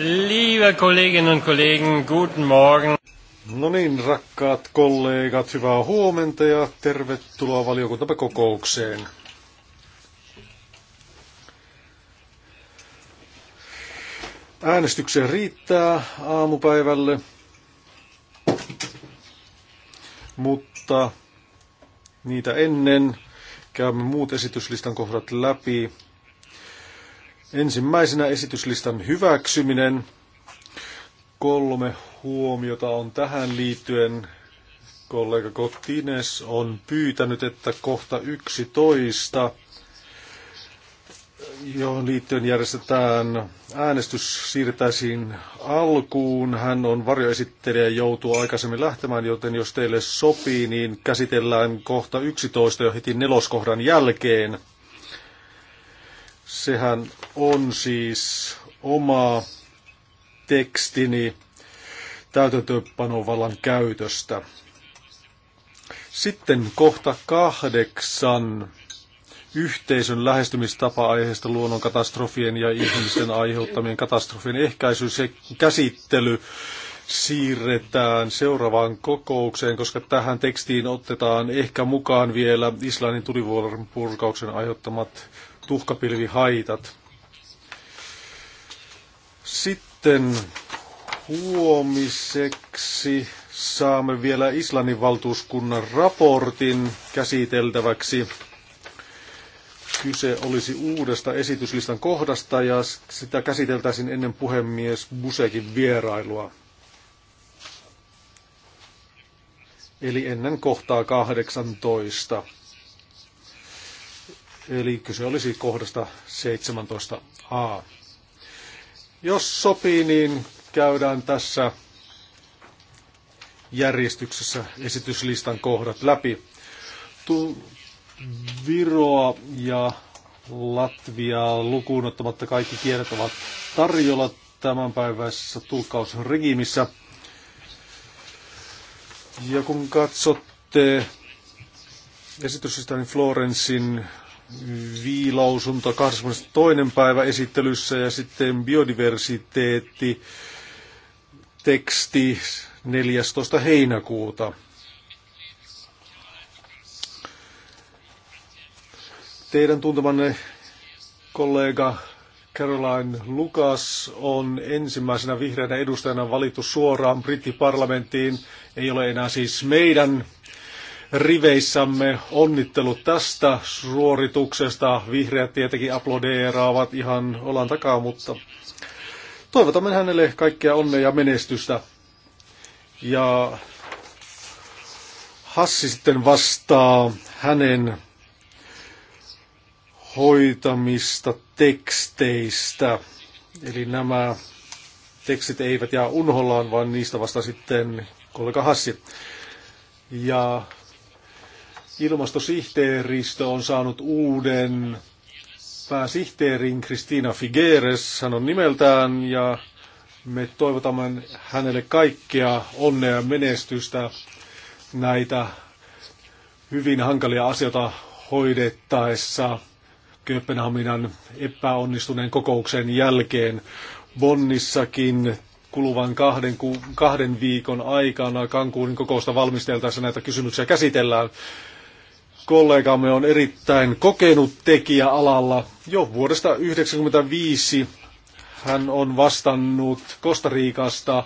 Liebe Kolleginnen und Kollegen, guten Morgen. No niin, rakkaat kollegat, hyvää huomenta ja tervetuloa valiokuntamme kokoukseen. Äänestykseen riittää aamupäivälle, mutta niitä ennen käymme muut esityslistan kohdat läpi. Ensimmäisenä esityslistan hyväksyminen. Kolme huomiota on tähän liittyen. Kollega Kottines on pyytänyt, että kohta 11, johon liittyen järjestetään äänestys, siirtäisiin alkuun. Hän on varjoesittelijä ja joutuu aikaisemmin lähtemään, joten jos teille sopii, niin käsitellään kohta 11 jo heti neloskohdan jälkeen. Sehän on siis oma tekstini täytäntöönpanovallan käytöstä. Sitten kohta kahdeksan yhteisön lähestymistapa aiheesta luonnonkatastrofien ja ihmisten aiheuttamien katastrofien ehkäisy, ja käsittely siirretään seuraavaan kokoukseen, koska tähän tekstiin otetaan ehkä mukaan vielä Islannin tulivuoren purkauksen aiheuttamat tuhkapilvihaitat. Sitten huomiseksi saamme vielä Islannin valtuuskunnan raportin käsiteltäväksi. Kyse olisi uudesta esityslistan kohdasta ja sitä käsiteltäisiin ennen puhemies Busekin vierailua. Eli ennen kohtaa 18. Eli kyse olisi kohdasta 17a. Jos sopii, niin käydään tässä järjestyksessä esityslistan kohdat läpi. Tu- Viroa ja Latviaa lukuun ottamatta kaikki kielet ovat tarjolla tämänpäiväisessä tulkkausregimissä. Ja kun katsotte esityslistan niin Florensin viilausunto 22. päivä esittelyssä ja sitten biodiversiteetti teksti 14. heinäkuuta. Teidän tuntemanne kollega Caroline Lucas on ensimmäisenä vihreänä edustajana valittu suoraan brittiparlamenttiin. Ei ole enää siis meidän riveissämme. Onnittelut tästä suorituksesta. Vihreät tietenkin aplodeeraavat ihan olan takaa, mutta toivotamme hänelle kaikkea onnea ja menestystä. Ja Hassi sitten vastaa hänen hoitamista teksteistä. Eli nämä tekstit eivät jää unhollaan, vaan niistä vasta sitten kollega Hassi. Ja Ilmastosihteeristö on saanut uuden pääsihteerin Kristiina Figueres, hän on nimeltään, ja me toivotamme hänelle kaikkea onnea ja menestystä näitä hyvin hankalia asioita hoidettaessa Kööpenhaminan epäonnistuneen kokouksen jälkeen. Bonnissakin kuluvan kahden, ku, kahden viikon aikana Kankuunin kokousta valmisteltaessa näitä kysymyksiä käsitellään kollegamme on erittäin kokenut tekijä alalla. Jo vuodesta 1995 hän on vastannut Kostariikasta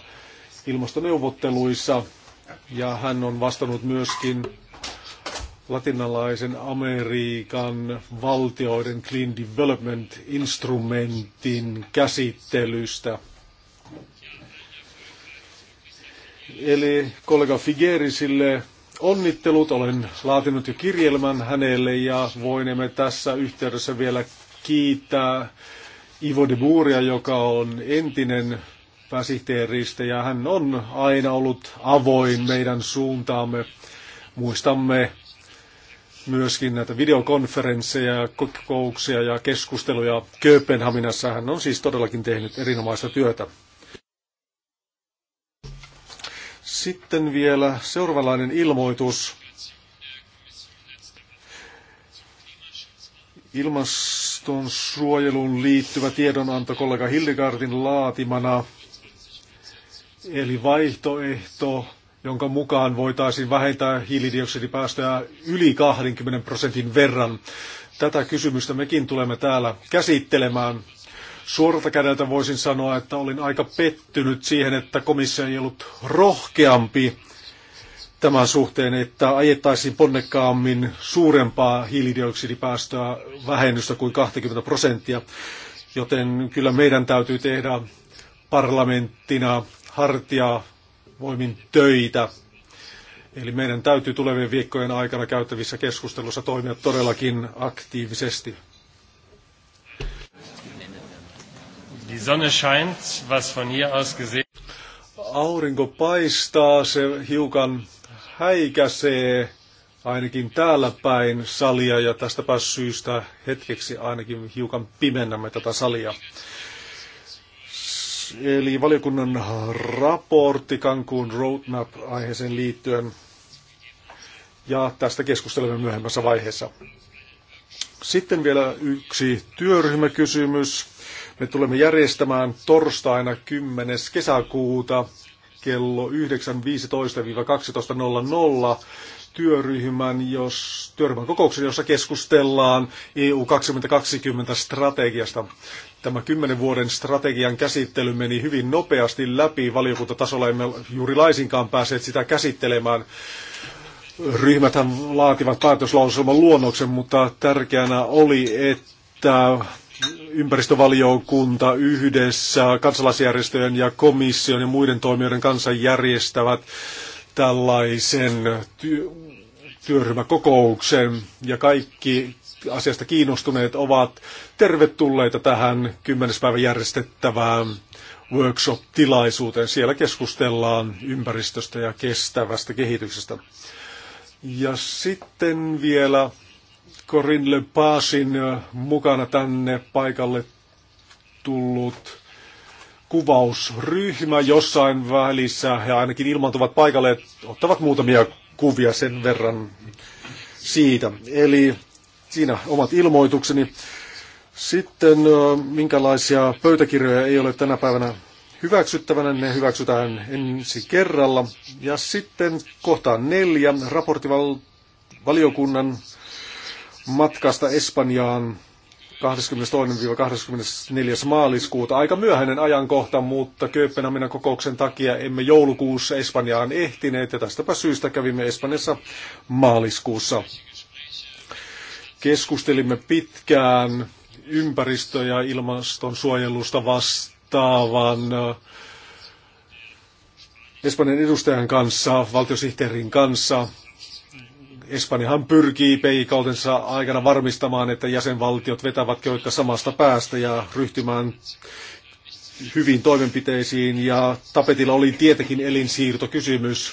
ilmastoneuvotteluissa ja hän on vastannut myöskin latinalaisen Amerikan valtioiden Clean Development Instrumentin käsittelystä. Eli kollega Figuerisille onnittelut. Olen laatinut jo kirjelmän hänelle ja voinemme tässä yhteydessä vielä kiittää Ivo de Buuria, joka on entinen pääsihteeristä ja hän on aina ollut avoin meidän suuntaamme. Muistamme myöskin näitä videokonferensseja, kokouksia ja keskusteluja Kööpenhaminassa. Hän on siis todellakin tehnyt erinomaista työtä. Sitten vielä seuraavanlainen ilmoitus. ilmaston suojeluun liittyvä tiedonanto kollega Hildegardin laatimana, eli vaihtoehto, jonka mukaan voitaisiin vähentää hiilidioksidipäästöjä yli 20 prosentin verran. Tätä kysymystä mekin tulemme täällä käsittelemään. Suoralta kädeltä voisin sanoa, että olin aika pettynyt siihen, että komissio ei ollut rohkeampi tämän suhteen, että ajettaisiin ponnekkaammin suurempaa hiilidioksidipäästöä vähennystä kuin 20 prosenttia. Joten kyllä meidän täytyy tehdä parlamenttina hartia voimin töitä. Eli meidän täytyy tulevien viikkojen aikana käyttävissä keskustelussa toimia todellakin aktiivisesti. Die Sonne scheint, was von hier aus gesehen. Aurinko paistaa, se hiukan häikäsee ainakin täällä päin salia ja tästäpä syystä hetkeksi ainakin hiukan pimennämme tätä salia. Eli valiokunnan raportti Cancun Roadmap-aiheeseen liittyen ja tästä keskustelemme myöhemmässä vaiheessa. Sitten vielä yksi työryhmäkysymys. Me tulemme järjestämään torstaina 10. kesäkuuta kello 9.15-12.00 työryhmän, jos, työryhmän kokouksen, jossa keskustellaan EU 2020 strategiasta. Tämä kymmenen vuoden strategian käsittely meni hyvin nopeasti läpi. Valiokuntatasolla emme juuri laisinkaan pääseet sitä käsittelemään. Ryhmäthän laativat päätöslauselman luonnoksen, mutta tärkeänä oli, että ympäristövaliokunta yhdessä kansalaisjärjestöjen ja komission ja muiden toimijoiden kanssa järjestävät tällaisen ty- työryhmäkokouksen ja kaikki asiasta kiinnostuneet ovat tervetulleita tähän 10. päivän järjestettävään workshop-tilaisuuteen. Siellä keskustellaan ympäristöstä ja kestävästä kehityksestä. Ja sitten vielä Corinne Lepagin äh, mukana tänne paikalle tullut kuvausryhmä jossain välissä. He ainakin ilmaantuvat paikalle, että ottavat muutamia kuvia sen verran siitä. Eli siinä omat ilmoitukseni. Sitten äh, minkälaisia pöytäkirjoja ei ole tänä päivänä hyväksyttävänä, ne hyväksytään ensi kerralla. Ja sitten kohtaan neljä, raportivaliokunnan matkasta Espanjaan 22-24. maaliskuuta. Aika myöhäinen ajankohta, mutta Kööpenhaminan kokouksen takia emme joulukuussa Espanjaan ehtineet ja tästäpä syystä kävimme Espanjassa maaliskuussa. Keskustelimme pitkään ympäristö- ja ilmastonsuojelusta vastaavan äh, Espanjan edustajan kanssa, valtiosihteerin kanssa Espanjahan pyrkii peikautensa aikana varmistamaan, että jäsenvaltiot vetävät keuhka samasta päästä ja ryhtymään hyvin toimenpiteisiin. Ja tapetilla oli tietenkin elinsiirtokysymys,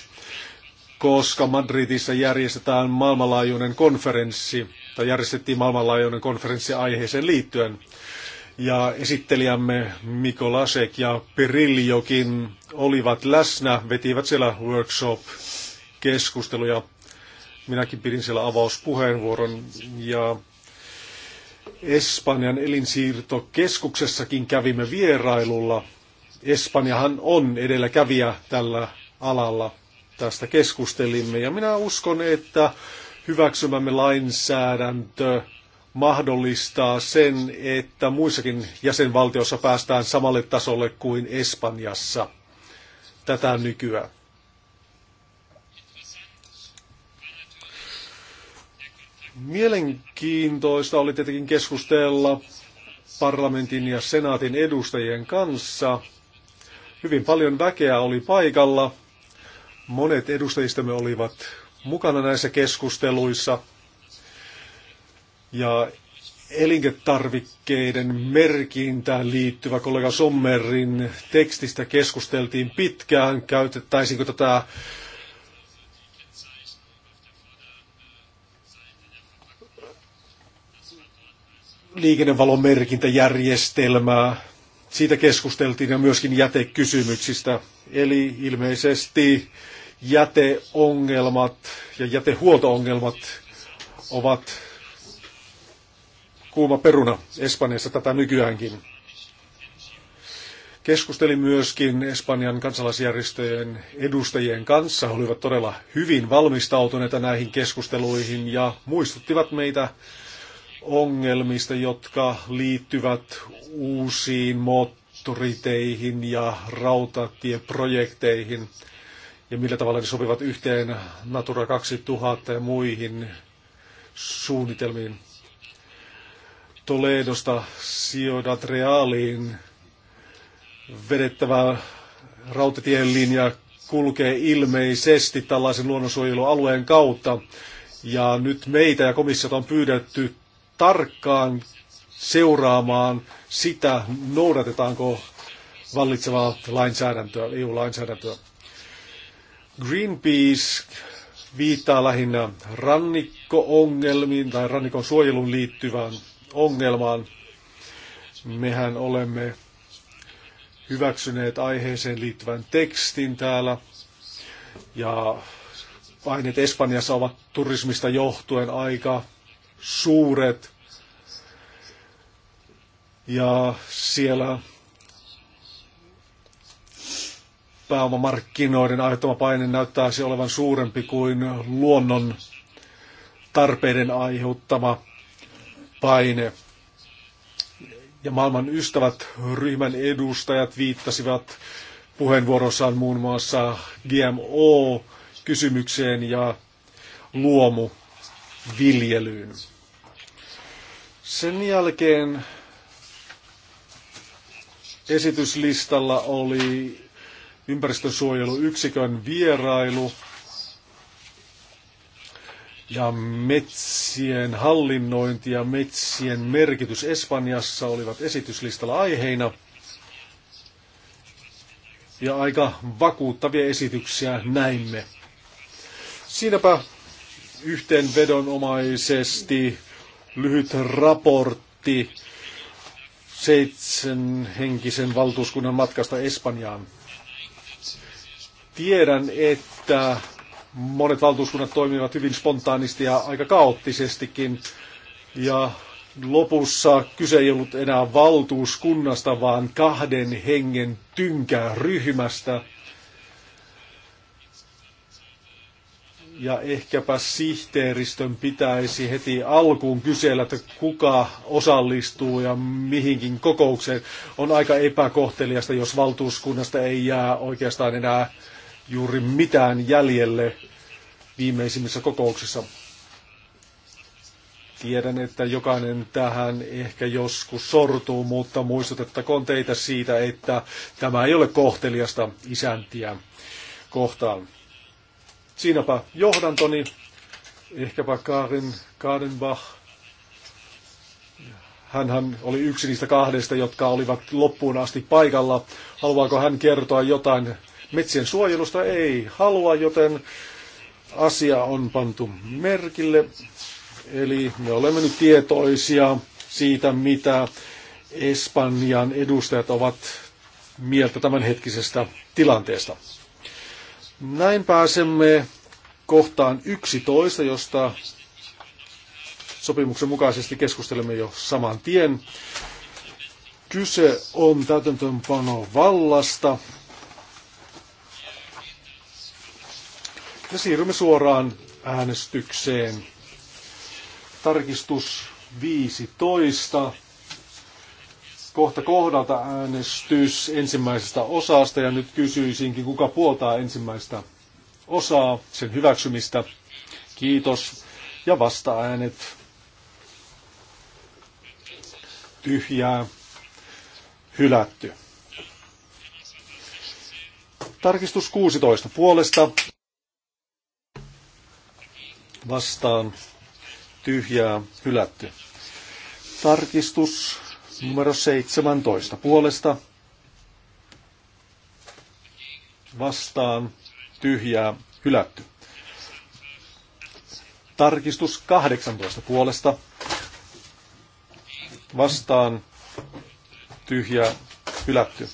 koska Madridissa järjestetään maailmanlaajuinen konferenssi, tai järjestettiin maailmanlaajuinen konferenssi aiheeseen liittyen. Ja esittelijämme Miko Lasek ja Perilliokin olivat läsnä, vetivät siellä workshop-keskusteluja Minäkin pidin siellä avauspuheenvuoron ja Espanjan elinsiirtokeskuksessakin kävimme vierailulla. Espanjahan on edelläkävijä tällä alalla. Tästä keskustelimme ja minä uskon, että hyväksymämme lainsäädäntö mahdollistaa sen, että muissakin jäsenvaltioissa päästään samalle tasolle kuin Espanjassa tätä nykyään. Mielenkiintoista oli tietenkin keskustella parlamentin ja senaatin edustajien kanssa. Hyvin paljon väkeä oli paikalla. Monet edustajistamme olivat mukana näissä keskusteluissa. Ja elinketarvikkeiden merkintään liittyvä kollega Sommerin tekstistä keskusteltiin pitkään, käytettäisiinkö tätä liikennevalon merkintäjärjestelmää. Siitä keskusteltiin ja myöskin jätekysymyksistä. Eli ilmeisesti jäteongelmat ja jätehuoltoongelmat ovat kuuma peruna Espanjassa tätä nykyäänkin. Keskustelin myöskin Espanjan kansalaisjärjestöjen edustajien kanssa. He olivat todella hyvin valmistautuneita näihin keskusteluihin ja muistuttivat meitä ongelmista, jotka liittyvät uusiin moottoriteihin ja rautatieprojekteihin ja millä tavalla ne sopivat yhteen Natura 2000 ja muihin suunnitelmiin. Toledosta Ciudad Realiin vedettävä rautatien linja kulkee ilmeisesti tällaisen luonnonsuojelualueen kautta. Ja nyt meitä ja komissiota on pyydetty tarkkaan seuraamaan sitä, noudatetaanko vallitsevaa lainsäädäntöä, EU-lainsäädäntöä. Greenpeace viittaa lähinnä rannikko-ongelmiin tai rannikon suojeluun liittyvään ongelmaan. Mehän olemme hyväksyneet aiheeseen liittyvän tekstin täällä ja paineet Espanjassa ovat turismista johtuen aika suuret. Ja siellä pääomamarkkinoiden aiheuttama paine se olevan suurempi kuin luonnon tarpeiden aiheuttama paine. Ja maailman ystävät ryhmän edustajat viittasivat puheenvuorossaan muun muassa GMO-kysymykseen ja luomu viljelyyn. Sen jälkeen esityslistalla oli ympäristönsuojeluyksikön vierailu ja metsien hallinnointi ja metsien merkitys Espanjassa olivat esityslistalla aiheina. Ja aika vakuuttavia esityksiä näimme. Siinäpä yhteenvedonomaisesti lyhyt raportti seitsemän henkisen valtuuskunnan matkasta Espanjaan. Tiedän, että monet valtuuskunnat toimivat hyvin spontaanisti ja aika kaoottisestikin. Ja lopussa kyse ei ollut enää valtuuskunnasta, vaan kahden hengen tynkäryhmästä. ryhmästä Ja ehkäpä sihteeristön pitäisi heti alkuun kysellä, että kuka osallistuu ja mihinkin kokoukseen. On aika epäkohteliasta, jos valtuuskunnasta ei jää oikeastaan enää juuri mitään jäljelle viimeisimmissä kokouksissa. Tiedän, että jokainen tähän ehkä joskus sortuu, mutta muistutettakoon teitä siitä, että tämä ei ole kohteliasta isäntiä kohtaan. Siinäpä johdantoni, ehkäpä Karin Kadenbach. Hänhän oli yksi niistä kahdesta, jotka olivat loppuun asti paikalla. Haluaako hän kertoa jotain metsien suojelusta? Ei halua, joten asia on pantu merkille. Eli me olemme nyt tietoisia siitä, mitä Espanjan edustajat ovat mieltä tämänhetkisestä tilanteesta. Näin pääsemme kohtaan 11, josta sopimuksen mukaisesti keskustelemme jo saman tien. Kyse on täytäntöönpano vallasta. Ja siirrymme suoraan äänestykseen. Tarkistus 15 kohta kohdalta äänestys ensimmäisestä osasta ja nyt kysyisinkin, kuka puoltaa ensimmäistä osaa, sen hyväksymistä. Kiitos. Ja vasta-äänet. Tyhjää. Hylätty. Tarkistus 16 puolesta. Vastaan. Tyhjää. Hylätty. Tarkistus Numero 17 puolesta. Vastaan tyhjää hylätty. Tarkistus 18 puolesta. Vastaan tyhjää hylätty.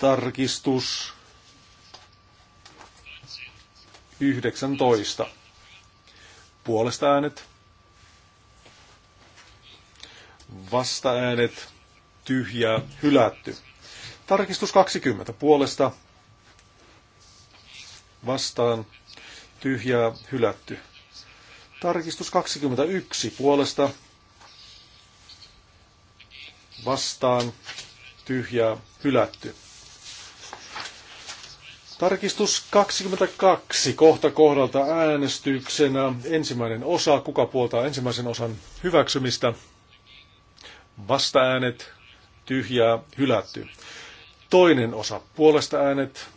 Tarkistus 19. Puolesta äänet vastaäänet, tyhjää, hylätty. Tarkistus 20 puolesta vastaan, tyhjää, hylätty. Tarkistus 21 puolesta vastaan, tyhjää, hylätty. Tarkistus 22 kohta kohdalta äänestyksenä. Ensimmäinen osa, kuka puoltaa ensimmäisen osan hyväksymistä, vastaäänet, tyhjää, hylätty. Toinen osa puolesta äänet,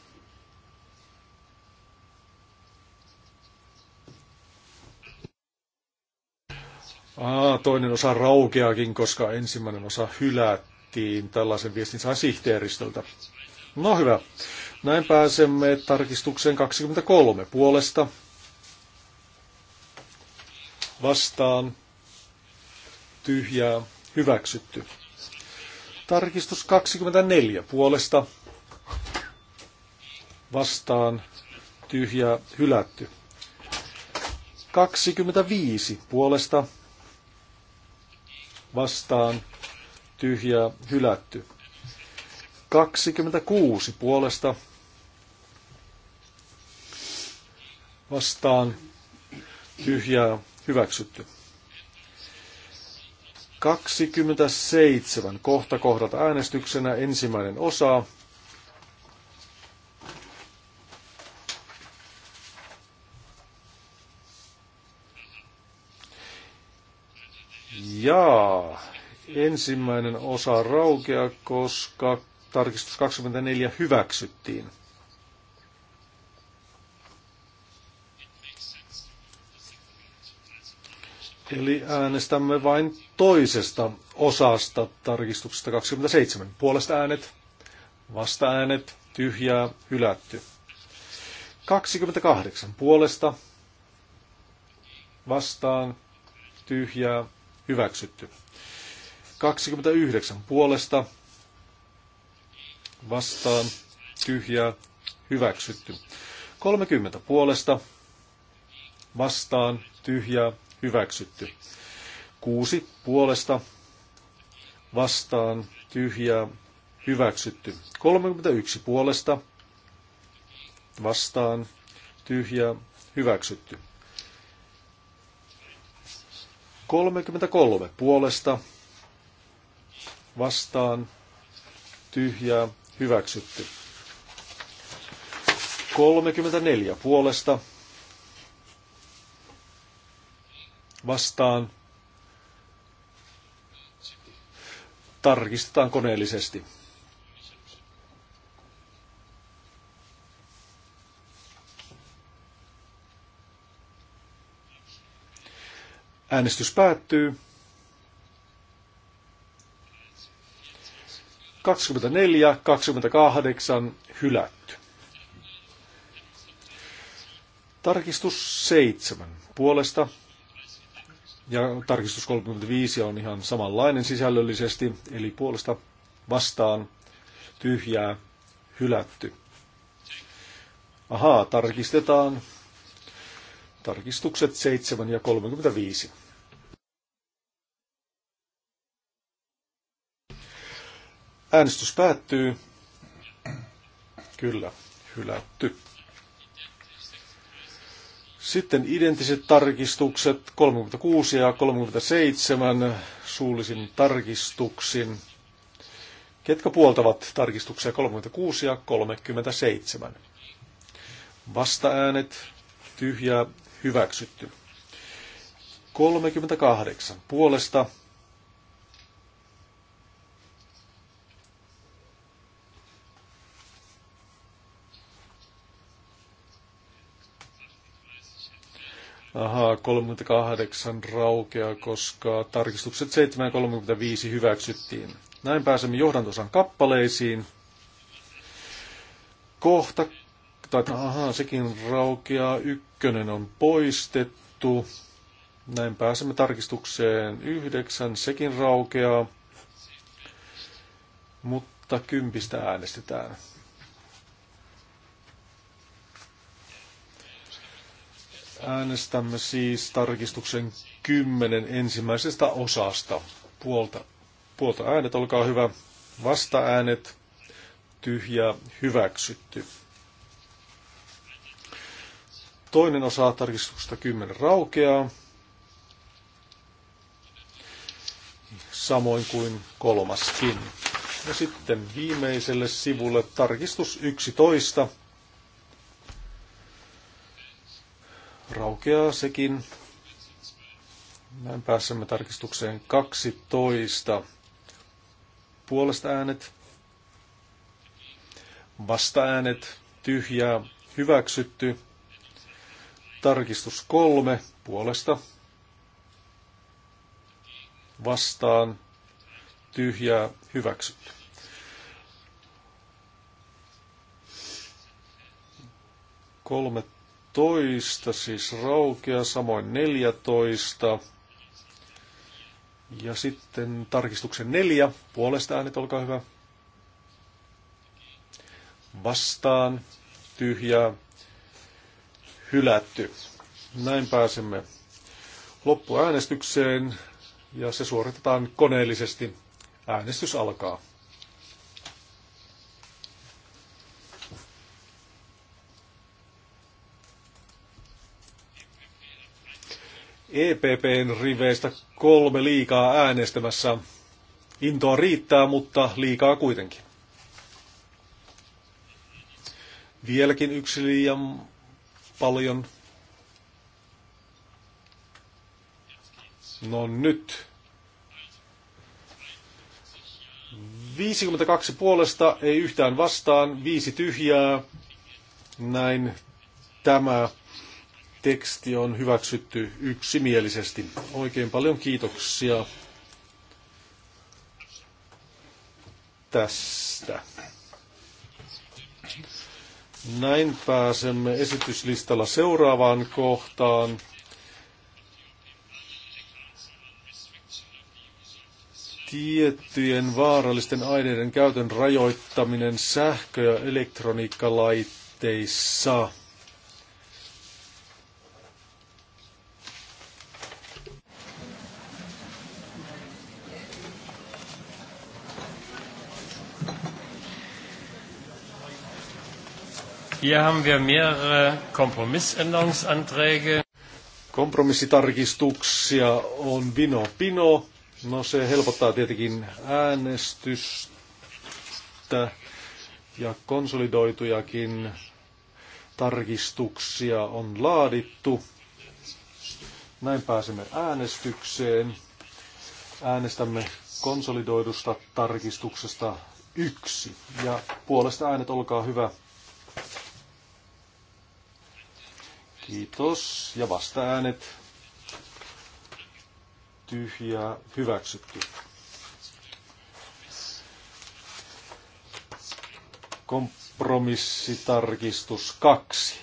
Aa, toinen osa raukeakin, koska ensimmäinen osa hylättiin. Tällaisen viestin sain sihteeristöltä. No hyvä. Näin pääsemme tarkistukseen 23 puolesta. Vastaan. Tyhjää hyväksytty. Tarkistus 24 puolesta vastaan tyhjä hylätty. 25 puolesta vastaan tyhjä hylätty. 26 puolesta vastaan tyhjää hyväksytty. 27. Kohta kohdalta äänestyksenä ensimmäinen osa. ja ensimmäinen osa raukea, koska tarkistus 24 hyväksyttiin. Eli äänestämme vain toisesta osasta tarkistuksesta 27. Puolesta äänet, vasta äänet, tyhjää, hylätty. 28. Puolesta, vastaan, tyhjää, hyväksytty. 29. Puolesta, vastaan, tyhjää, hyväksytty. 30. Puolesta, vastaan, tyhjää, hyväksytty. Kuusi puolesta vastaan tyhjää hyväksytty. 31 puolesta vastaan tyhjää hyväksytty. 33 puolesta vastaan tyhjää hyväksytty. 34 puolesta vastaan, vastaan. Tarkistetaan koneellisesti. Äänestys päättyy. 24, 28 hylätty. Tarkistus 7 puolesta ja tarkistus 35 on ihan samanlainen sisällöllisesti, eli puolesta vastaan tyhjää hylätty. Ahaa, tarkistetaan. Tarkistukset 7 ja 35. Äänestys päättyy. Kyllä, hylätty. Sitten identiset tarkistukset 36 ja 37 suullisin tarkistuksin. Ketkä puoltavat tarkistuksia 36 ja 37? Vastaäänet, tyhjää, hyväksytty. 38 puolesta Ahaa, 38 raukea, koska tarkistukset 7.35 hyväksyttiin. Näin pääsemme johdantosan kappaleisiin. Kohta, tai ahaa, sekin raukeaa, ykkönen on poistettu. Näin pääsemme tarkistukseen yhdeksän, sekin raukeaa, mutta kympistä äänestetään. Äänestämme siis tarkistuksen 10 ensimmäisestä osasta. Puolta, puolta äänet, olkaa hyvä. Vasta äänet, tyhjää, hyväksytty. Toinen osa tarkistuksesta 10 raukeaa. Samoin kuin kolmaskin. Ja sitten viimeiselle sivulle tarkistus 11 raukeaa sekin. Näin pääsemme tarkistukseen 12. Puolesta äänet, vasta äänet, tyhjää, hyväksytty. Tarkistus kolme Puolesta vastaan, tyhjää, hyväksytty. Kolme toista siis raukea, samoin 14. Ja sitten tarkistuksen 4, puolesta äänet, olkaa hyvä. Vastaan, tyhjää, hylätty. Näin pääsemme loppuäänestykseen ja se suoritetaan koneellisesti. Äänestys alkaa. EPPn riveistä kolme liikaa äänestämässä. Intoa riittää, mutta liikaa kuitenkin. Vieläkin yksi liian paljon. No nyt. 52 puolesta, ei yhtään vastaan, viisi tyhjää. Näin tämä teksti on hyväksytty yksimielisesti. Oikein paljon kiitoksia tästä. Näin pääsemme esityslistalla seuraavaan kohtaan. Tiettyjen vaarallisten aineiden käytön rajoittaminen sähkö- ja elektroniikkalaitteissa. Hier haben wir mehrere Kompromissänderungsanträge. Kompromissitarkistuksia on Pino Pino. No se helpottaa tietenkin äänestystä ja konsolidoitujakin tarkistuksia on laadittu. Näin pääsemme äänestykseen. Äänestämme konsolidoidusta tarkistuksesta yksi. Ja puolesta äänet, olkaa hyvä. Kiitos. Ja vasta-äänet. Tyhjää. Hyväksytty. Kompromissitarkistus 2.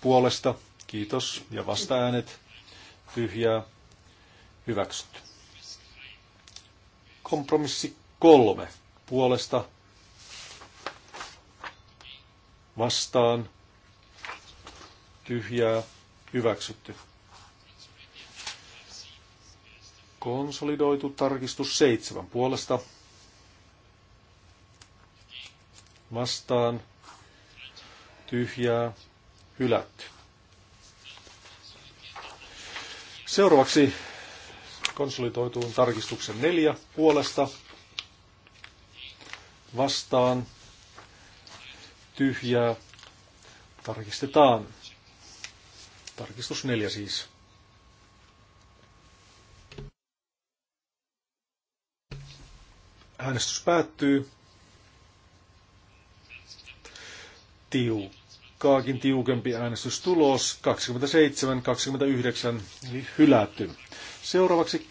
Puolesta. Kiitos. Ja vasta-äänet. Tyhjää. Hyväksytty. Kompromissi 3. Puolesta. Vastaan tyhjää hyväksytty. Konsolidoitu tarkistus seitsemän puolesta. Vastaan tyhjää hylätty. Seuraavaksi konsolidoituun tarkistuksen neljä puolesta vastaan tyhjää tarkistetaan. Tarkistus neljä siis. Äänestys päättyy. Tiukkaakin tiukempi äänestystulos. 27-29 eli hylätty. Seuraavaksi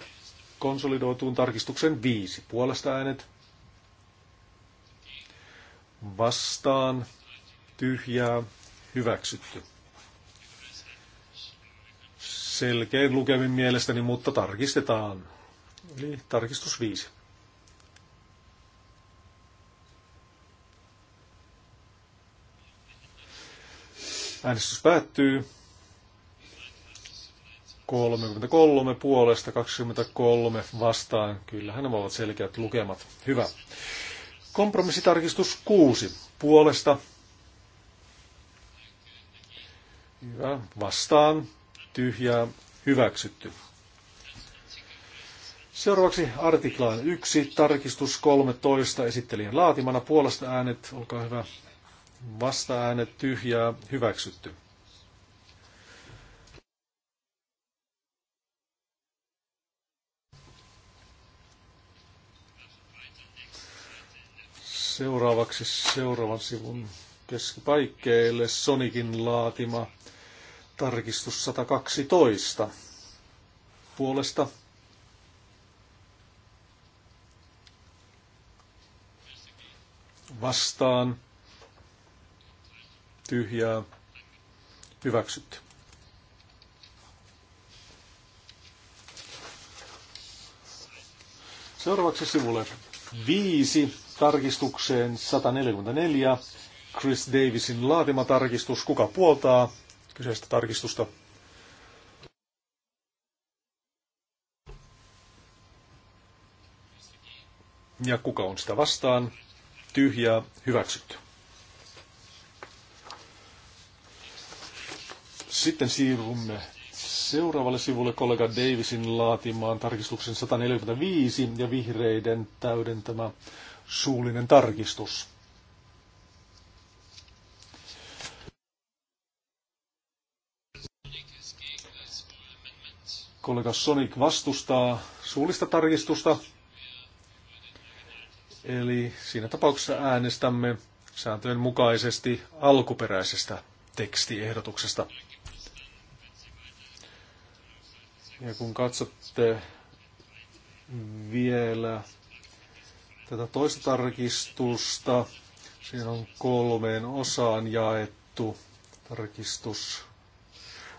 konsolidoituun tarkistuksen viisi Puolesta äänet vastaan tyhjää hyväksytty selkein lukemin mielestäni, mutta tarkistetaan. Eli tarkistus 5. Äänestys päättyy. 33 puolesta, 23 vastaan. Kyllähän nämä ovat selkeät lukemat. Hyvä. Kompromissitarkistus 6 puolesta. Hyvä. Vastaan ja hyväksytty. Seuraavaksi artiklaan 1, tarkistus 13 esittelijän laatimana. Puolesta äänet, olkaa hyvä. Vasta äänet, tyhjää, hyväksytty. Seuraavaksi seuraavan sivun keskipaikkeille Sonikin laatima Tarkistus 112 puolesta vastaan tyhjää hyväksytty. Seuraavaksi sivulle 5 tarkistukseen 144. Chris Davisin laatima tarkistus. Kuka puoltaa? kyseistä tarkistusta. Ja kuka on sitä vastaan? Tyhjää, hyväksytty. Sitten siirrymme seuraavalle sivulle kollega Davisin laatimaan tarkistuksen 145 ja vihreiden täydentämä suullinen tarkistus. kollega Sonic vastustaa suullista tarkistusta. Eli siinä tapauksessa äänestämme sääntöjen mukaisesti alkuperäisestä tekstiehdotuksesta. Ja kun katsotte vielä tätä toista tarkistusta, siinä on kolmeen osaan jaettu tarkistus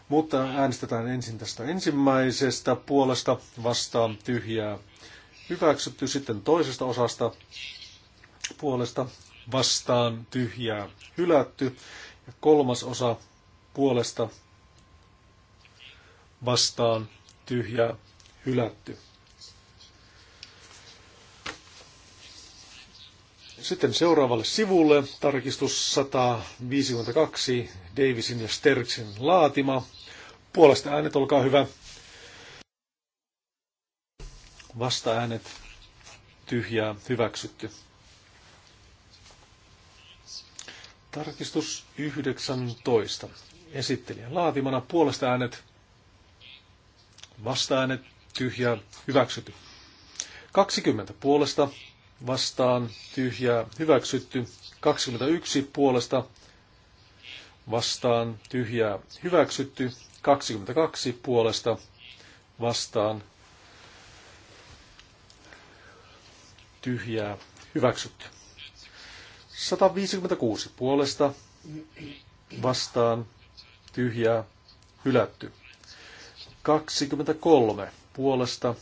mutta äänestetään ensin tästä ensimmäisestä puolesta vastaan tyhjää hyväksytty, sitten toisesta osasta puolesta vastaan tyhjää hylätty ja kolmas osa puolesta vastaan tyhjää hylätty. Sitten seuraavalle sivulle tarkistus 152 Davisin ja Sterksin laatima puolesta äänet, olkaa hyvä. Vasta äänet, tyhjää, hyväksytty. Tarkistus 19. Esittelijän laatimana puolesta äänet, vasta äänet, tyhjää, hyväksytty. 20 puolesta, vastaan, tyhjää, hyväksytty. 21 puolesta, vastaan, tyhjää, hyväksytty. 22 puolesta vastaan tyhjää hyväksytty. 156 puolesta vastaan tyhjää hylätty. 23 puolesta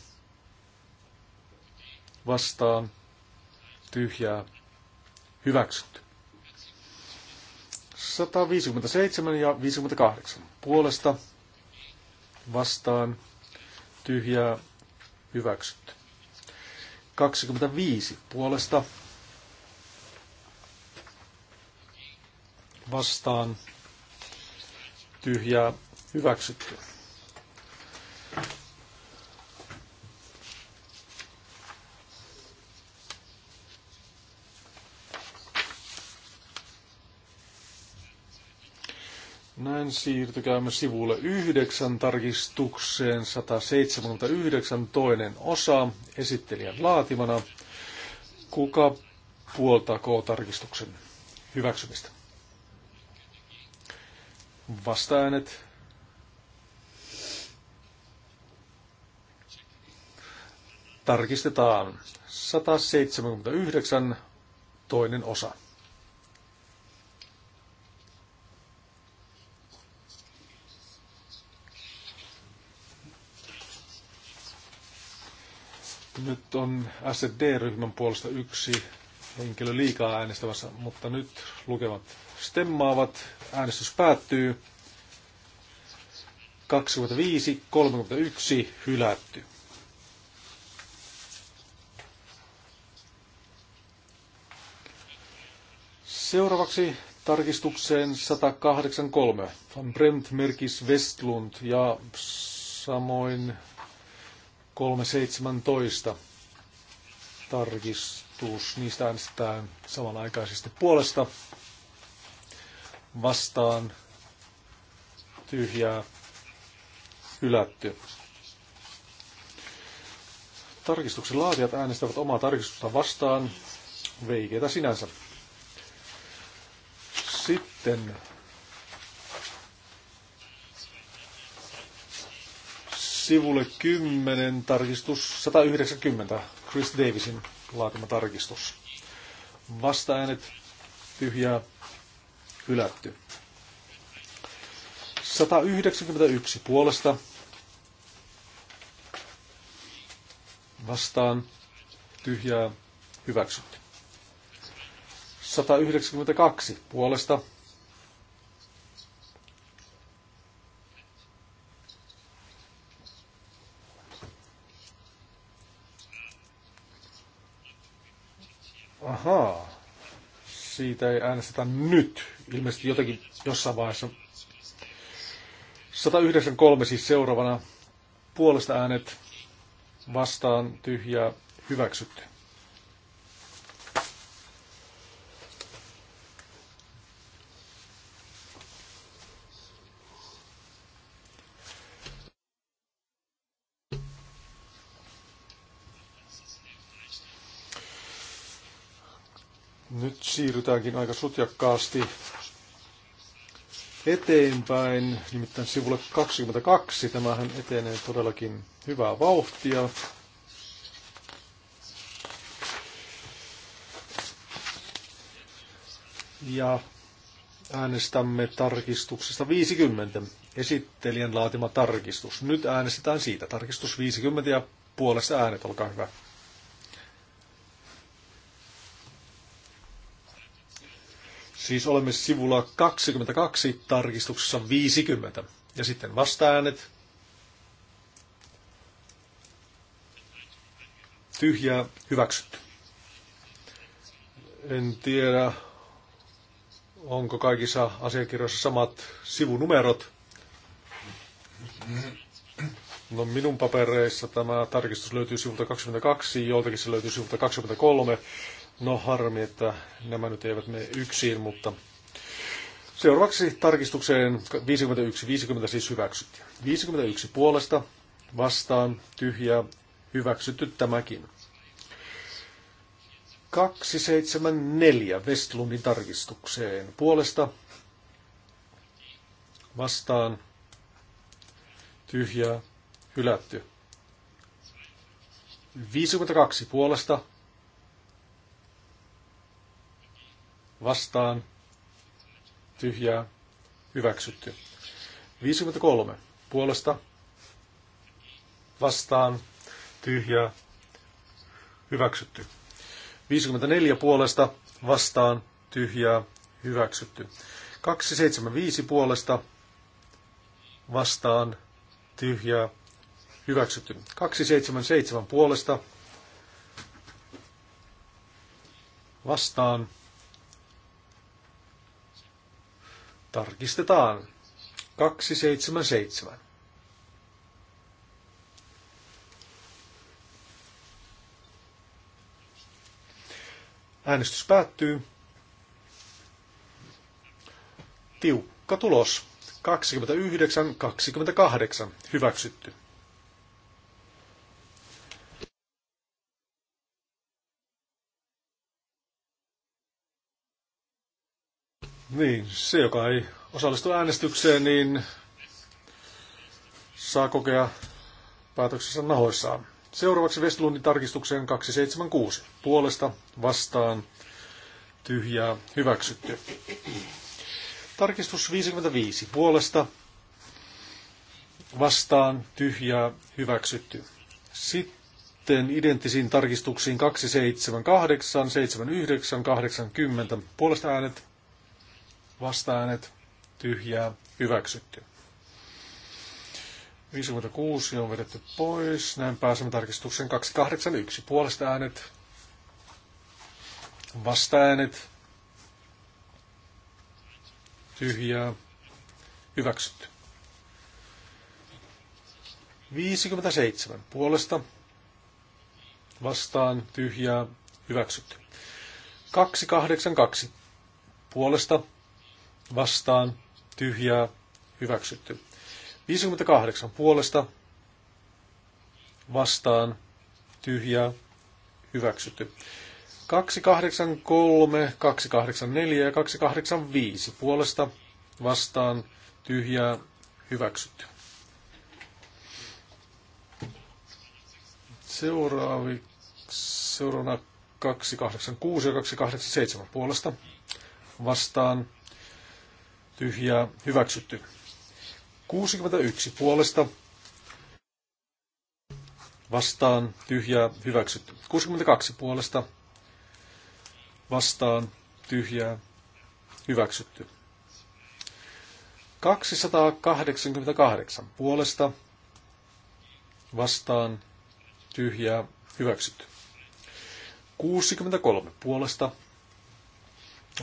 vastaan tyhjää hyväksytty. 157 ja 58 puolesta vastaan tyhjää hyväksytty. 25 puolesta vastaan tyhjää hyväksytty. Sitten siirtykäämme sivulle 9 tarkistukseen 179 toinen osa esittelijän laatimana. Kuka puoltakoo tarkistuksen hyväksymistä? Vastaäänet. Tarkistetaan 179 toinen osa. Nyt on SD-ryhmän puolesta yksi henkilö liikaa äänestävässä, mutta nyt lukevat stemmaavat. Äänestys päättyy. 25, 31 hylätty. Seuraavaksi tarkistukseen 183. Van Bremt, Merkis, Westlund ja samoin 317 tarkistus. Niistä äänestetään samanaikaisesti puolesta vastaan tyhjää hylätty. Tarkistuksen laatijat äänestävät omaa tarkistusta vastaan. Veikeitä sinänsä. Sitten sivulle 10, tarkistus 190, Chris Davisin laatima tarkistus. Vastaäänet tyhjää hylätty. 191 puolesta vastaan tyhjää hyväksytty. 192 puolesta siitä ei äänestetä nyt. Ilmeisesti jotakin jossain vaiheessa. 193 siis seuraavana. Puolesta äänet vastaan tyhjää hyväksytty. siirrytäänkin aika sutjakkaasti eteenpäin, nimittäin sivulle 22. Tämähän etenee todellakin hyvää vauhtia. Ja äänestämme tarkistuksesta 50. Esittelijän laatima tarkistus. Nyt äänestetään siitä. Tarkistus 50 ja puolesta äänet, olkaa hyvä. Siis olemme sivulla 22 tarkistuksessa 50. Ja sitten vastaäänet. Tyhjää hyväksytty. En tiedä, onko kaikissa asiakirjoissa samat sivunumerot. No minun papereissa tämä tarkistus löytyy sivulta 22, joltakin se löytyy sivulta 23. No harmi, että nämä nyt eivät mene yksin, mutta seuraavaksi tarkistukseen 51, 50 siis hyväksytty. 51 puolesta vastaan tyhjää hyväksytty tämäkin. 274 Westlundin tarkistukseen puolesta vastaan tyhjää hylätty. 52 puolesta vastaan, tyhjää, hyväksytty. 53 puolesta, vastaan, tyhjää, hyväksytty. 54 puolesta, vastaan, tyhjää, hyväksytty. 275 puolesta, vastaan, tyhjää, hyväksytty. 277 puolesta, vastaan, Tarkistetaan. 277. Äänestys päättyy. Tiukka tulos. 29-28. Hyväksytty. Niin, se joka ei osallistu äänestykseen, niin saa kokea päätöksensä nahoissaan. Seuraavaksi Westlundin tarkistukseen 276. Puolesta vastaan tyhjää hyväksytty. Tarkistus 55. Puolesta vastaan tyhjää hyväksytty. Sitten identtisiin tarkistuksiin 278, 79, 80. Puolesta äänet vastaanet tyhjää hyväksytty. 56 on vedetty pois. Näin pääsemme tarkistukseen 281. Puolesta äänet, Vasta-äänet. tyhjää, hyväksytty. 57. Puolesta, vastaan, tyhjää, hyväksytty. 282. Puolesta, vastaan tyhjää hyväksytty. 58 puolesta vastaan tyhjää hyväksytty. 283, 284 ja 285 puolesta vastaan tyhjää hyväksytty. Seuraavi, seuraavana 286 ja 287 puolesta vastaan tyhjää hyväksytty. 61 puolesta vastaan tyhjää hyväksytty. 62 puolesta vastaan tyhjää hyväksytty. 288 puolesta vastaan tyhjää hyväksytty. 63 puolesta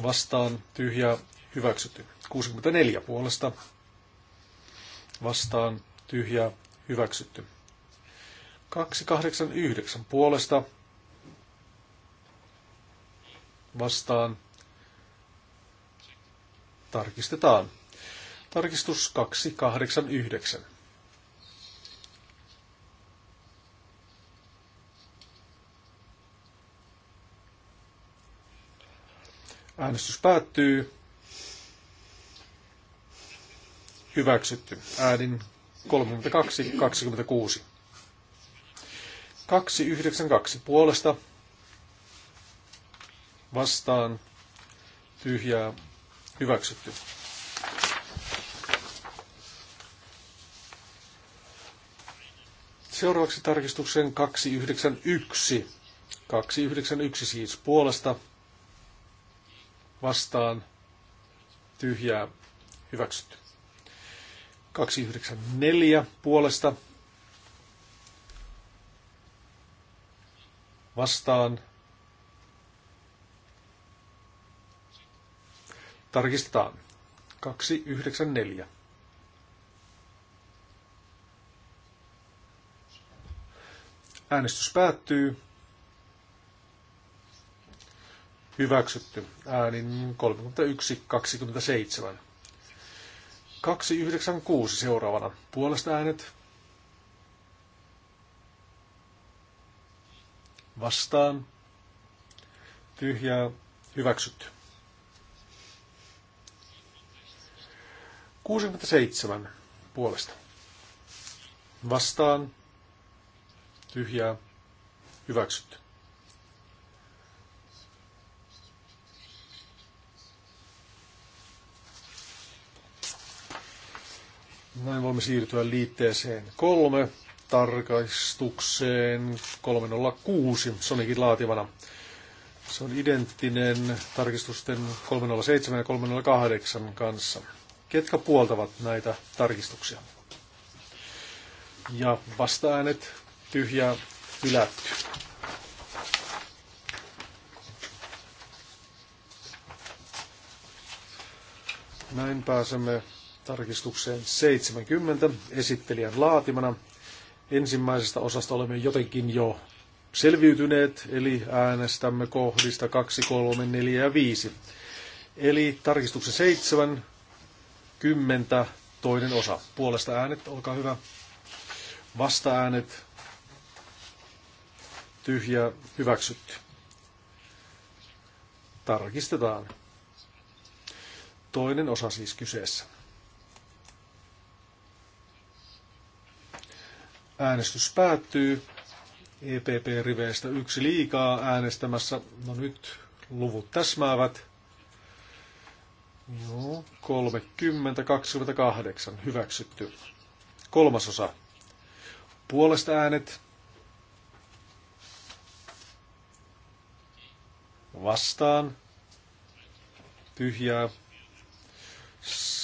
vastaan tyhjää hyväksytty. 64 puolesta vastaan tyhjä hyväksytty. 289 puolesta vastaan tarkistetaan. Tarkistus 289. Äänestys päättyy. hyväksytty. Äänin 32-26. 292 puolesta vastaan tyhjää hyväksytty. Seuraavaksi tarkistuksen 291. 291 siis puolesta vastaan tyhjää hyväksytty. 294 puolesta vastaan. Tarkistetaan. 294. Äänestys päättyy. Hyväksytty. Äänin 31.27. 296 seuraavana. Puolesta äänet. Vastaan. Tyhjää. Hyväksytty. 67 puolesta. Vastaan. Tyhjää. Hyväksytty. Näin voimme siirtyä liitteeseen kolme tarkastukseen 306 Sonicin laativana. Se on identtinen tarkistusten 307 ja 308 kanssa. Ketkä puoltavat näitä tarkistuksia? Ja vasta-äänet tyhjää hylätty. Näin pääsemme tarkistukseen 70 esittelijän laatimana. Ensimmäisestä osasta olemme jotenkin jo selviytyneet, eli äänestämme kohdista 2, 3, 4 ja 5. Eli tarkistuksen 7, 10, toinen osa. Puolesta äänet, olkaa hyvä. Vasta äänet, tyhjä, hyväksytty. Tarkistetaan. Toinen osa siis kyseessä. Äänestys päättyy. EPP-riveistä yksi liikaa äänestämässä. No nyt luvut täsmäävät. Joo, 30, 28, hyväksytty. Kolmasosa. Puolesta äänet. Vastaan. Tyhjää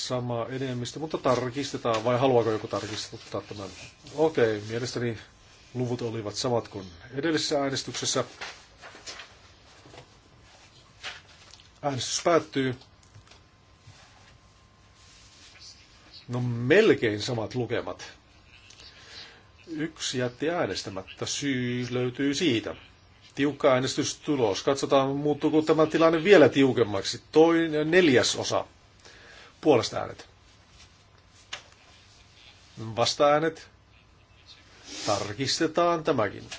sama enemmistö, mutta tarkistetaan, vai haluaako joku tarkistuttaa tämän? Okei, okay, mielestäni luvut olivat samat kuin edellisessä äänestyksessä. Äänestys päättyy. No melkein samat lukemat. Yksi jätti äänestämättä. Syy löytyy siitä. Tiukka äänestystulos. Katsotaan, muuttuuko tämä tilanne vielä tiukemmaksi. Toinen neljäs osa. Puolesta äänet. Vasta-äänet. Tarkistetaan tämäkin.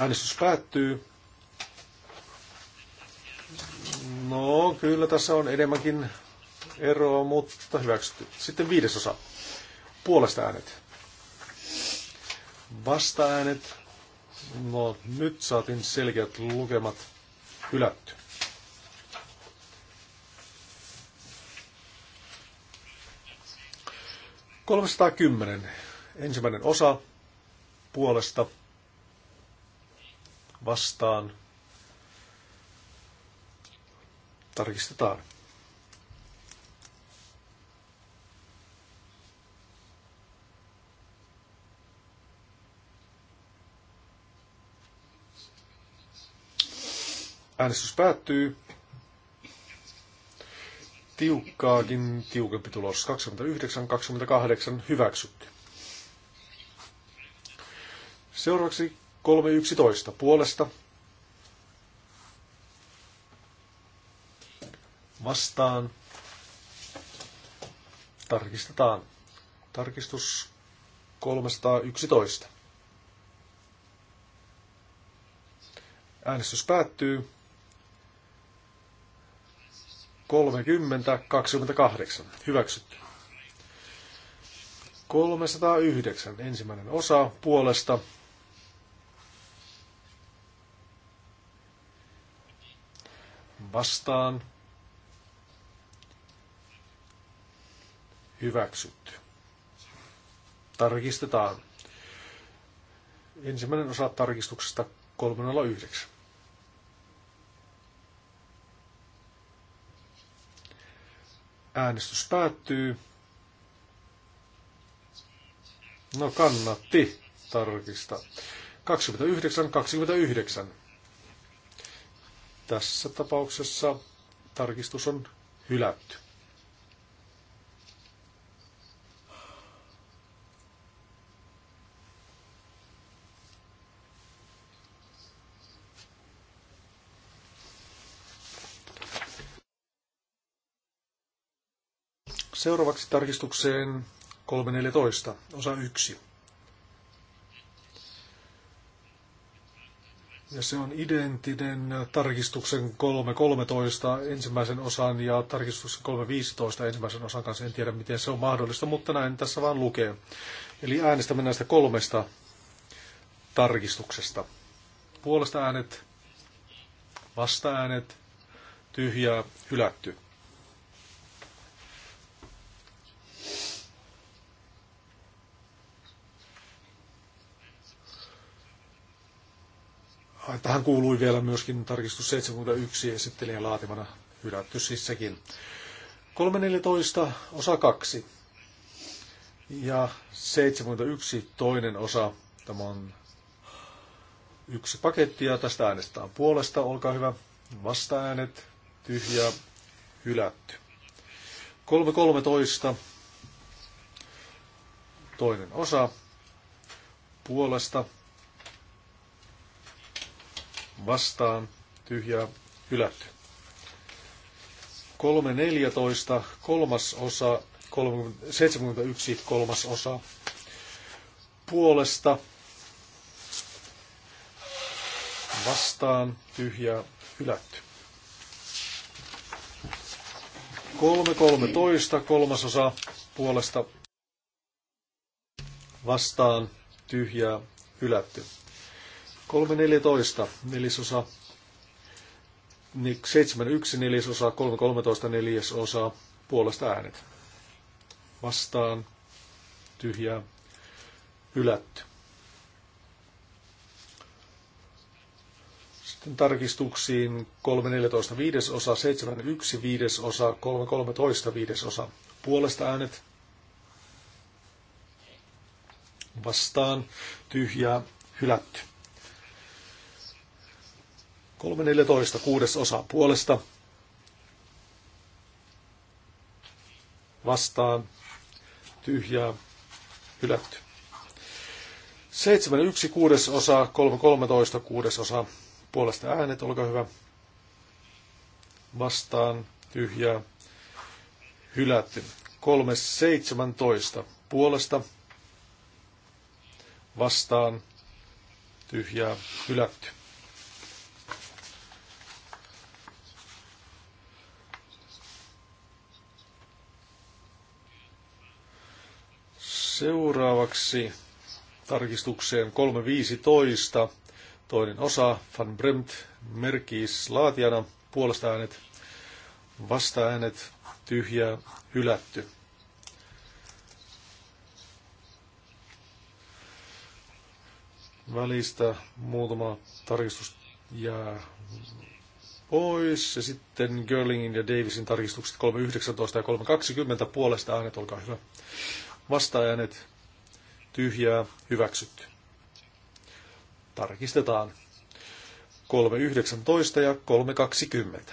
Äänestys päättyy. No, kyllä tässä on enemmänkin eroa, mutta hyväksytty. Sitten viidesosa. Puolesta äänet. Vastaäänet. No nyt saatiin selkeät lukemat hylätty. kymmenen Ensimmäinen osa puolesta vastaan. Tarkistetaan. Äänestys päättyy. Tiukkaakin tiukempi tulos. 29-28 hyväksytty. Seuraavaksi 3.11 puolesta. Vastaan. Tarkistetaan. Tarkistus 311. Äänestys päättyy. 30, 28. Hyväksytty. 309. Ensimmäinen osa puolesta. Vastaan. Hyväksytty. Tarkistetaan. Ensimmäinen osa tarkistuksesta 309. Äänestys päättyy. No kannatti tarkista. 29, 29. Tässä tapauksessa tarkistus on hylätty. Seuraavaksi tarkistukseen 314, osa 1. Ja se on identinen tarkistuksen 3.13 ensimmäisen osan ja tarkistuksen 3.15 ensimmäisen osan kanssa. En tiedä, miten se on mahdollista, mutta näin tässä vaan lukee. Eli äänestämme näistä kolmesta tarkistuksesta. Puolesta äänet, vasta äänet, tyhjää, hylätty. tähän kuului vielä myöskin tarkistus 71 esittelijän laatimana hylätty siis sekin. 314 osa 2 ja 71 toinen osa. Tämä on yksi paketti ja tästä äänestetään puolesta. Olkaa hyvä. Vastaäänet, tyhjä, hylätty. 313 toinen osa puolesta vastaan tyhjä hylätty. 3.14 kolmas osa, 30, 71 kolmas osa puolesta vastaan tyhjä hylätty. 3.13 kolmas osa puolesta vastaan tyhjä hylätty. 3.14 314 neljäsosa, 71 niin neljäsosa, 313 neljäsosa puolesta äänet. Vastaan tyhjää hylätty. Sitten tarkistuksiin 3.14 viidesosa, 7.1 viidesosa, 3.13 viidesosa. Puolesta äänet vastaan tyhjää hylätty. 3.14. kuudes osa puolesta. Vastaan. Tyhjää. Hylätty. 7.1. kuudes osa. 3.13. kuudes osa. Puolesta äänet. Olkaa hyvä. Vastaan. Tyhjää. Hylätty. 3.17. Puolesta. Vastaan. Tyhjää. Hylätty. Seuraavaksi tarkistukseen 3.15, toinen osa, Van Bremt merkis laatijana, puolesta äänet, vasta äänet, tyhjää, hylätty. Välistä muutama tarkistus jää pois. Ja sitten Görlingin ja Davisin tarkistukset 3.19 ja 3.20 puolesta äänet, olkaa hyvä vastaajanet tyhjää hyväksytty. Tarkistetaan 3.19 ja 3.20.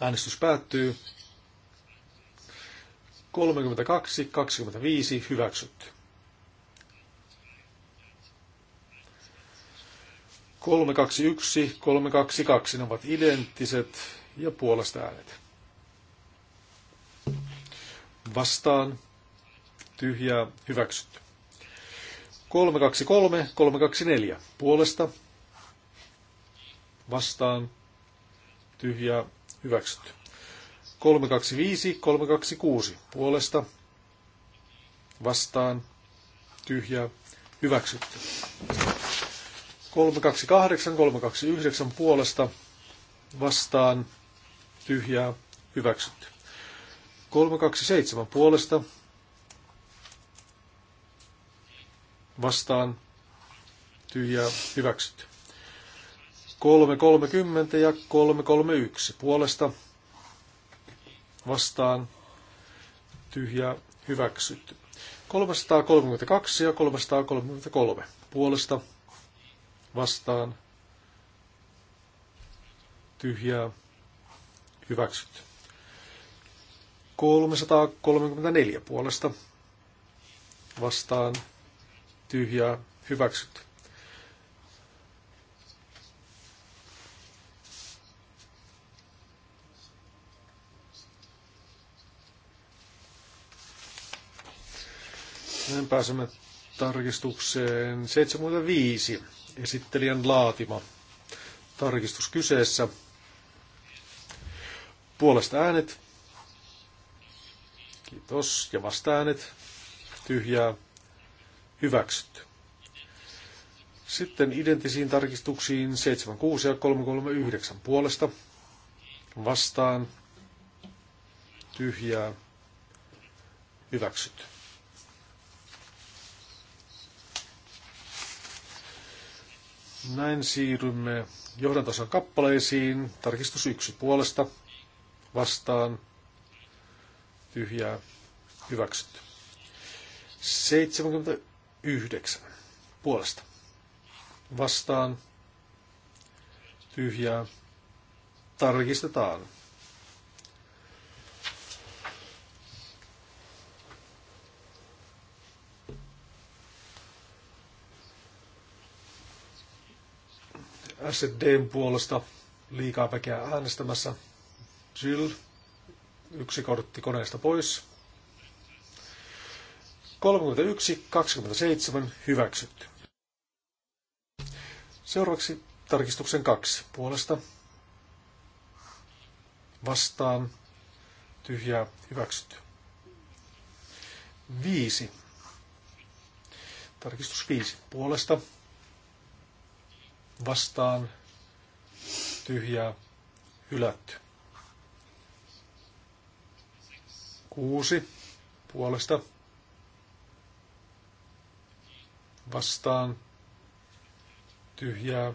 Äänestys päättyy. 32-25 hyväksytty. 321, 322, ne ovat identtiset ja puolesta äänet. Vastaan, tyhjää, hyväksytty. 323, 324, puolesta, vastaan, tyhjää, hyväksytty. 325, 326, puolesta, vastaan, tyhjää, hyväksytty. 328, 329 puolesta vastaan tyhjää hyväksytty. 327 puolesta vastaan tyhjää hyväksytty. 330 ja 331 puolesta vastaan tyhjää hyväksytty. 332 ja 333 puolesta vastaan tyhjää hyväksyt. 334 puolesta vastaan tyhjää hyväksyt. Näin pääsemme tarkistukseen 75 esittelijän laatima tarkistus kyseessä. Puolesta äänet. Kiitos. Ja vasta äänet. Tyhjää. Hyväksytty. Sitten identisiin tarkistuksiin 76 ja 339 puolesta. Vastaan. Tyhjää. Hyväksytty. Näin siirrymme johdantason kappaleisiin. Tarkistus yksi puolesta vastaan tyhjää hyväksytty. 79 puolesta vastaan tyhjää tarkistetaan. SDn puolesta liikaa väkeä äänestämässä. Jill, yksi kortti koneesta pois. 31-27, hyväksytty. Seuraavaksi tarkistuksen kaksi puolesta. Vastaan tyhjää hyväksytty. Viisi. Tarkistus viisi puolesta vastaan tyhjää hylätty. Kuusi puolesta vastaan tyhjää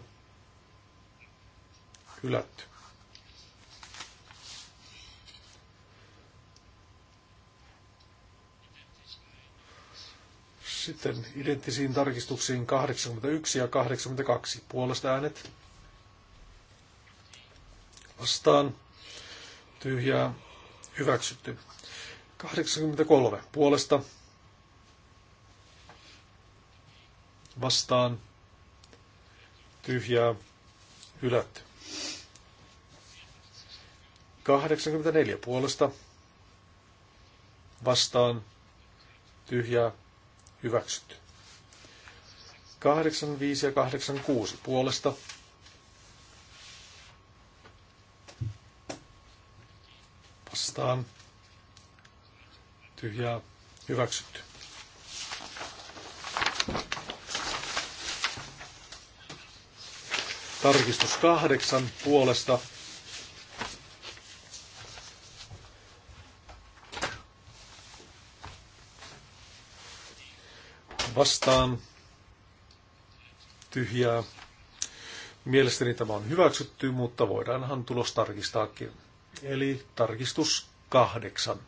hylätty. Sitten identtisiin tarkistuksiin 81 ja 82. Puolesta äänet. Vastaan. Tyhjää. Hyväksytty. 83. Puolesta. Vastaan. Tyhjää. Hylätty. 84. Puolesta. Vastaan. Tyhjää Hyväksytty. 85 ja 86 puolesta. Vastaan. Tyhjää. Hyväksytty. Tarkistus kahdeksan puolesta vastaan tyhjää. Mielestäni tämä on hyväksytty, mutta voidaanhan tulos tarkistaakin. Eli tarkistus kahdeksan.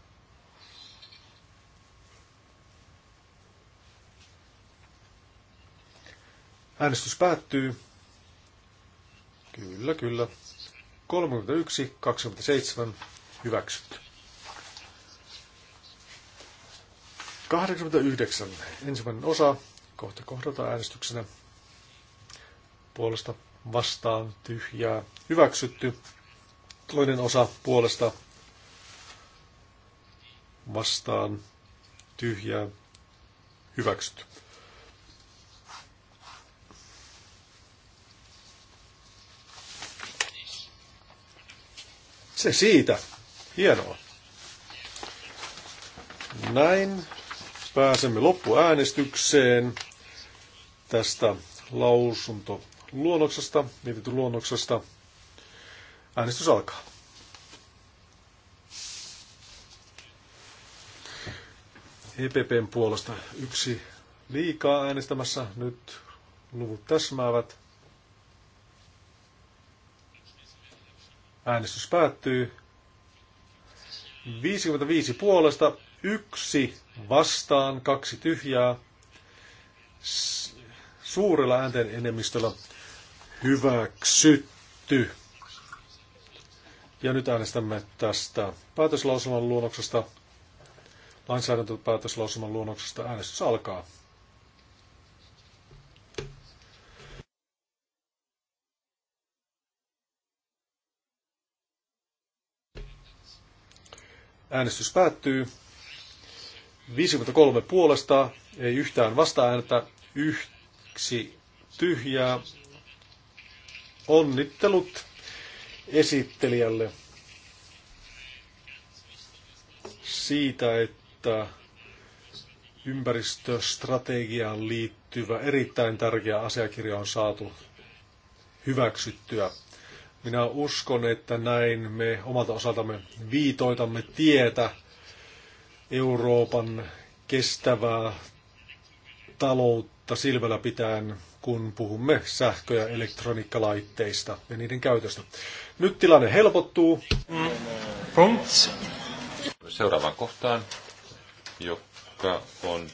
Äänestys päättyy. Kyllä, kyllä. 31, 27, hyväksytty. 89. Ensimmäinen osa kohta kohdalta äänestyksenä puolesta vastaan tyhjää hyväksytty. Toinen osa puolesta vastaan tyhjää hyväksytty. Se siitä. Hienoa. Näin pääsemme loppuäänestykseen tästä lausuntoluonnoksesta, mietitty luonnoksesta. Äänestys alkaa. EPPn puolesta yksi liikaa äänestämässä. Nyt luvut täsmäävät. Äänestys päättyy. 55 puolesta, yksi vastaan, kaksi tyhjää, suurella äänten enemmistöllä hyväksytty. Ja nyt äänestämme tästä päätöslausuman luonnoksesta, Lainsäädäntöpäätöslausuman luonnoksesta. Äänestys alkaa. Äänestys päättyy. 53 puolesta, ei yhtään vastaääntä, yksi tyhjää. Onnittelut esittelijälle siitä, että ympäristöstrategiaan liittyvä erittäin tärkeä asiakirja on saatu hyväksyttyä. Minä uskon, että näin me omalta osaltamme viitoitamme tietä Euroopan kestävää taloutta silmällä pitäen, kun puhumme sähkö- ja elektroniikkalaitteista ja niiden käytöstä. Nyt tilanne helpottuu. Mm. Seuraavaan kohtaan, joka on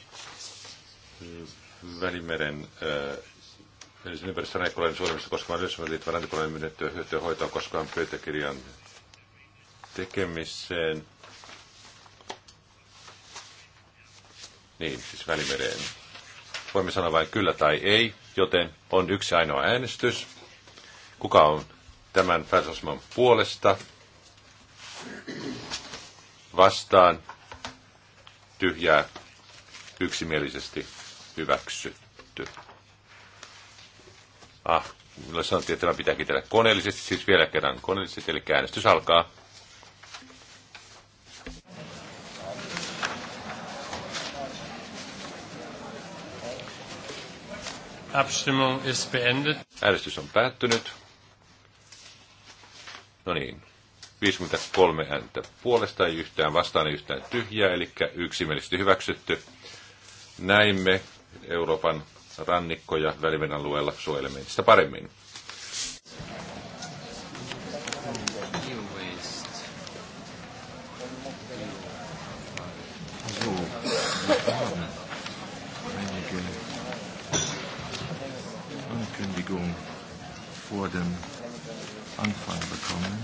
Välimeren äh, ympäristön rannikkolainen suojelmista koskevan yleisömmin liittyvän rannikkolainen menettyä hyötyä hoitoa koskevan pöytäkirjan tekemiseen. Niin, siis välimereen. Voimme sanoa vain kyllä tai ei, joten on yksi ainoa äänestys. Kuka on tämän päätösosman puolesta? Vastaan. Tyhjää. Yksimielisesti hyväksytty. Ah, minulle sanottiin, että tämä pitää tehdä koneellisesti, siis vielä kerran koneellisesti, eli äänestys alkaa. Abstimmung ist beendet. Äänestys on päättynyt. No niin, 53 ääntä puolesta, ei yhtään vastaan, ei yhtään tyhjää, eli yksimielisesti hyväksytty. Näimme Euroopan rannikkoja välimen alueella suojelemista paremmin. vor dem Anfang bekommen,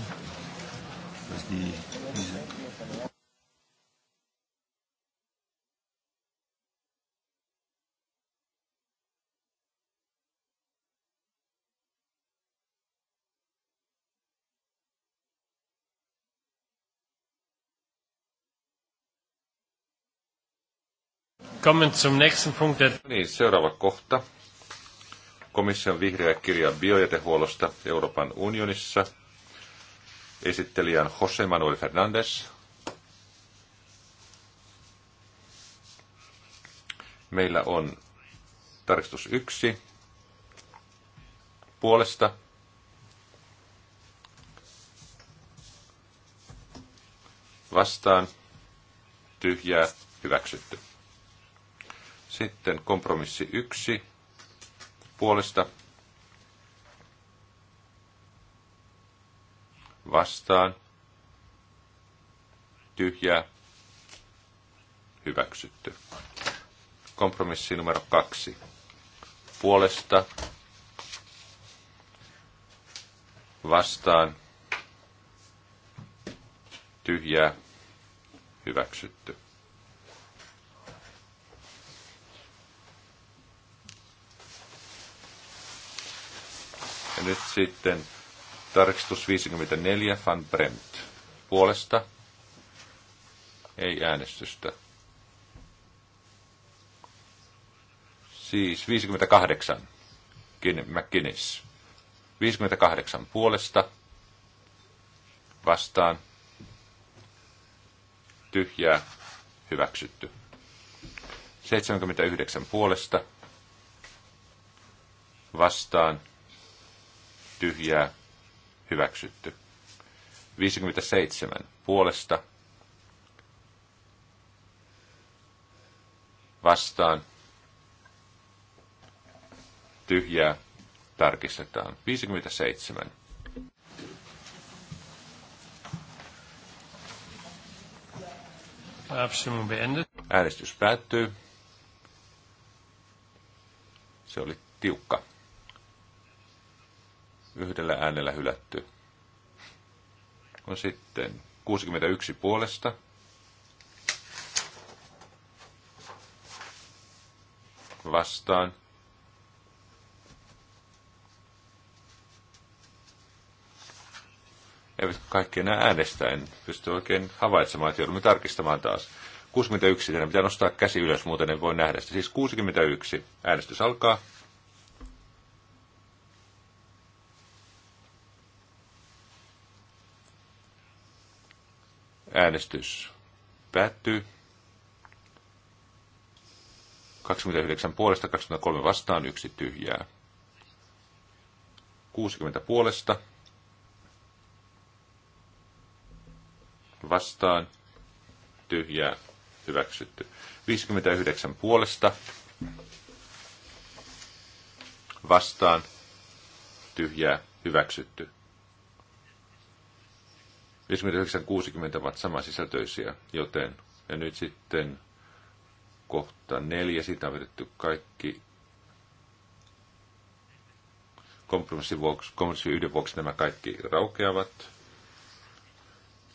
dass die diese Kommen zum nächsten Punkt. Niin, seuraava kohta komission vihreä kirja biojätehuollosta Euroopan unionissa. Esittelijän Jose Manuel Fernandes. Meillä on tarkistus yksi puolesta. Vastaan tyhjää hyväksytty. Sitten kompromissi yksi puolesta vastaan tyhjää hyväksytty. Kompromissi numero kaksi. Puolesta vastaan tyhjää hyväksytty. Ja nyt sitten tarkistus 54, Van brent Puolesta ei äänestystä. Siis 58, McKinnis. 58 puolesta vastaan tyhjää hyväksytty. 79 puolesta vastaan tyhjää, hyväksytty. 57 puolesta, vastaan, tyhjää, tarkistetaan. 57. Äänestys päättyy. Se oli tiukka yhdellä äänellä hylätty. On sitten 61 puolesta. Vastaan. Eivät kaikki enää äänestä, en pysty oikein havaitsemaan, että joudumme tarkistamaan taas. 61, pitää nostaa käsi ylös, muuten en voi nähdä sitä. Siis 61, äänestys alkaa. Äänestys päättyy. 29 puolesta, 23 vastaan, yksi tyhjää. 60 puolesta. Vastaan, tyhjää, hyväksytty. 59 puolesta. Vastaan, tyhjää, hyväksytty. 5960 60 ovat samansisältöisiä, joten ja nyt sitten kohta neljä, siitä on vedetty kaikki kompromissin vuoksi, kompromissi yhden vuoksi nämä kaikki raukeavat.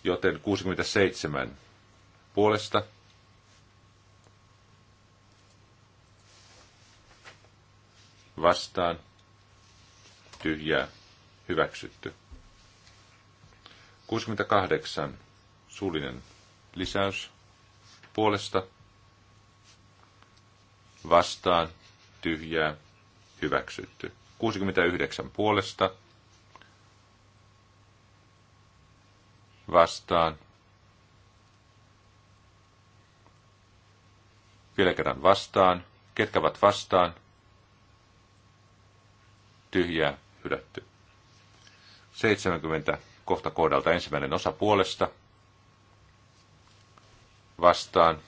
Joten 67 puolesta. Vastaan. Tyhjää. Hyväksytty. 68. Suullinen lisäys puolesta vastaan tyhjää hyväksytty. 69 puolesta vastaan. Vielä kerran vastaan. Ketkä ovat vastaan? Tyhjää hylätty. 70 kohta kohdalta ensimmäinen osa puolesta vastaan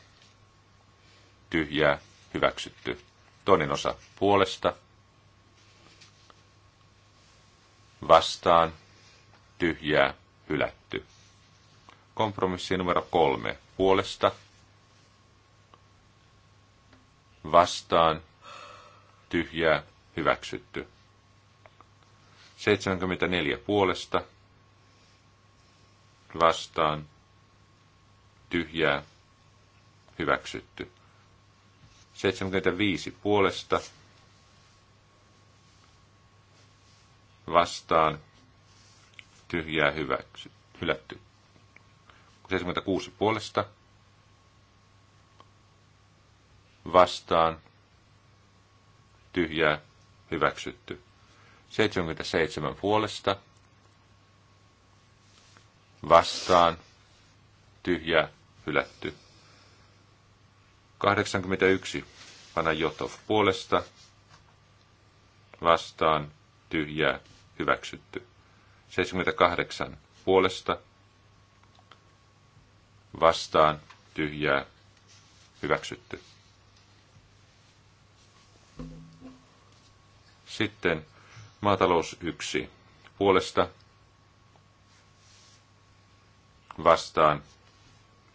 tyhjää hyväksytty. Toinen osa puolesta vastaan tyhjää hylätty. Kompromissi numero kolme puolesta vastaan tyhjää hyväksytty. 74 puolesta vastaan tyhjää hyväksytty. 75 puolesta vastaan tyhjää hyväksy, hylätty. 76 puolesta vastaan tyhjää hyväksytty. 77 puolesta vastaan, tyhjä, hylätty. 81 jotov puolesta, vastaan, tyhjää, hyväksytty. 78 puolesta, vastaan, tyhjää, hyväksytty. Sitten maatalous 1 puolesta, vastaan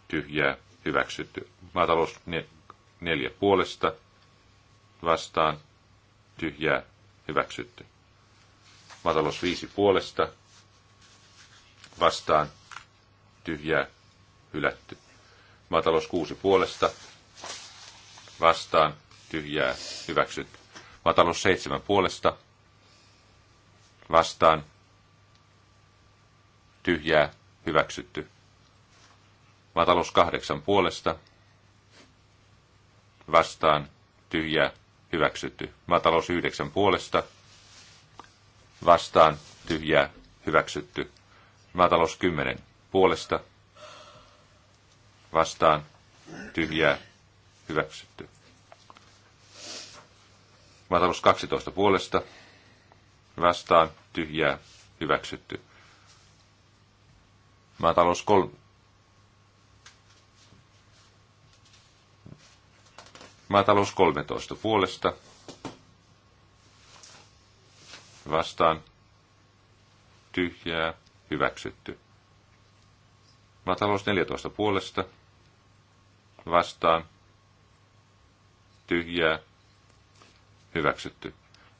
tyhjää hyväksytty. Maatalous neljä puolesta vastaan tyhjää hyväksytty. Maatalous viisi puolesta vastaan tyhjää hylätty. Maatalous kuusi puolesta vastaan tyhjää hyväksytty. Maatalous seitsemän puolesta vastaan tyhjää hyväksytty. Maatalous kahdeksan puolesta vastaan tyhjä hyväksytty. Maatalous yhdeksän puolesta vastaan tyhjä hyväksytty. Maatalous kymmenen puolesta vastaan tyhjä hyväksytty. Maatalous 12 puolesta vastaan tyhjää hyväksytty. Maatalous kol- Maatalous 13 puolesta. Vastaan. Tyhjää. Hyväksytty. Maatalous 14 puolesta. Vastaan. Tyhjää. Hyväksytty.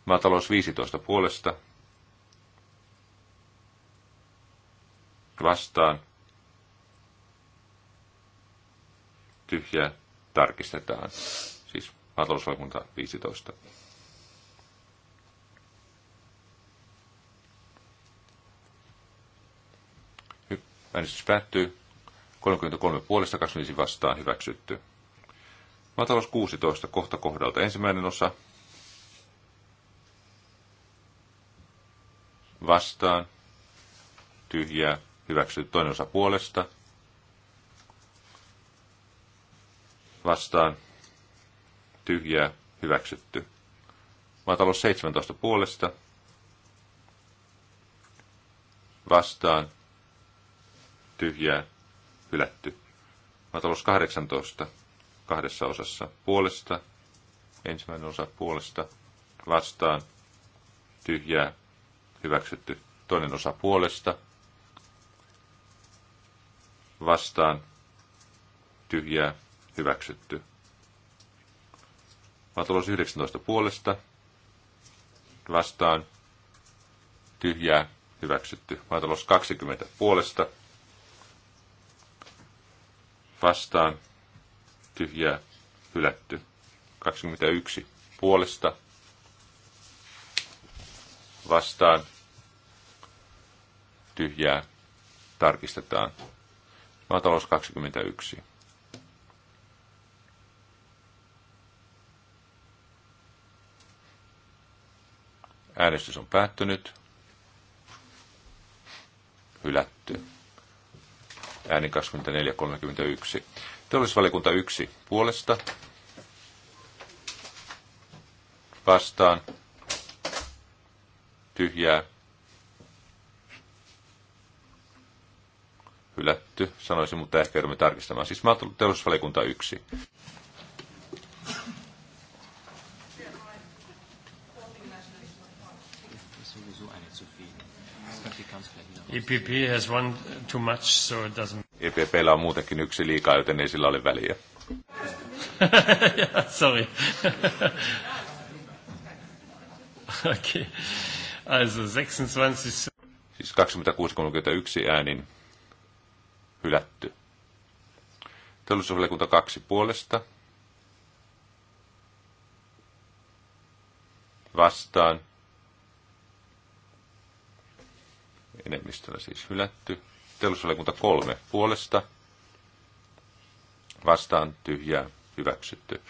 Maatalous 15 puolesta. Vastaan. Tyhjää. Tarkistetaan siis maatalousvaliokunta 15. Äänestys päättyy. 33 puolesta 25 vastaan hyväksytty. Maatalous 16 kohta kohdalta ensimmäinen osa. Vastaan. Tyhjää. Hyväksytty toinen osa puolesta. Vastaan tyhjää, hyväksytty. Maatalous 17 puolesta, vastaan, tyhjää, hylätty. Maatalous 18 kahdessa osassa puolesta, ensimmäinen osa puolesta, vastaan, tyhjää, hyväksytty. Toinen osa puolesta, vastaan, tyhjää, hyväksytty. Maatalous 19 puolesta vastaan tyhjää hyväksytty. Maatalous 20 puolesta vastaan tyhjää hylätty. 21 puolesta vastaan tyhjää tarkistetaan. Maatalous 21. Äänestys on päättynyt. Hylätty. Ääni 24.31. Teollisuusvaliokunta 1 puolesta. Vastaan. Tyhjää. Hylätty, sanoisin, mutta ehkä joudumme tarkistamaan. Siis mä teollisuusvaliokunta 1. EPP has one too much, so it doesn't... EPPllä on muutenkin yksi liikaa, joten ei sillä ole väliä. yeah, sorry. okay. Also 26... Siis 26.31 äänin hylätty. Teollisuusvaliokunta kaksi puolesta. Vastaan enemmistöllä siis hylätty. Teollisuusvaliokunta kolme puolesta vastaan tyhjää hyväksytty.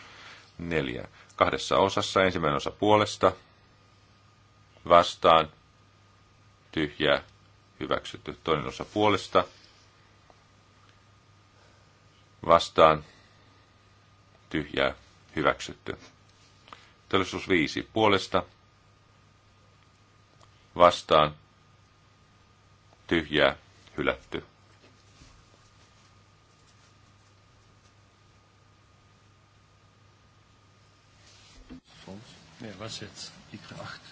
Neljä. Kahdessa osassa ensimmäinen osa puolesta vastaan tyhjää hyväksytty. Toinen osa puolesta vastaan tyhjää hyväksytty. Teollisuus viisi puolesta vastaan tyhjää, hylätty. Nee, Itre 8.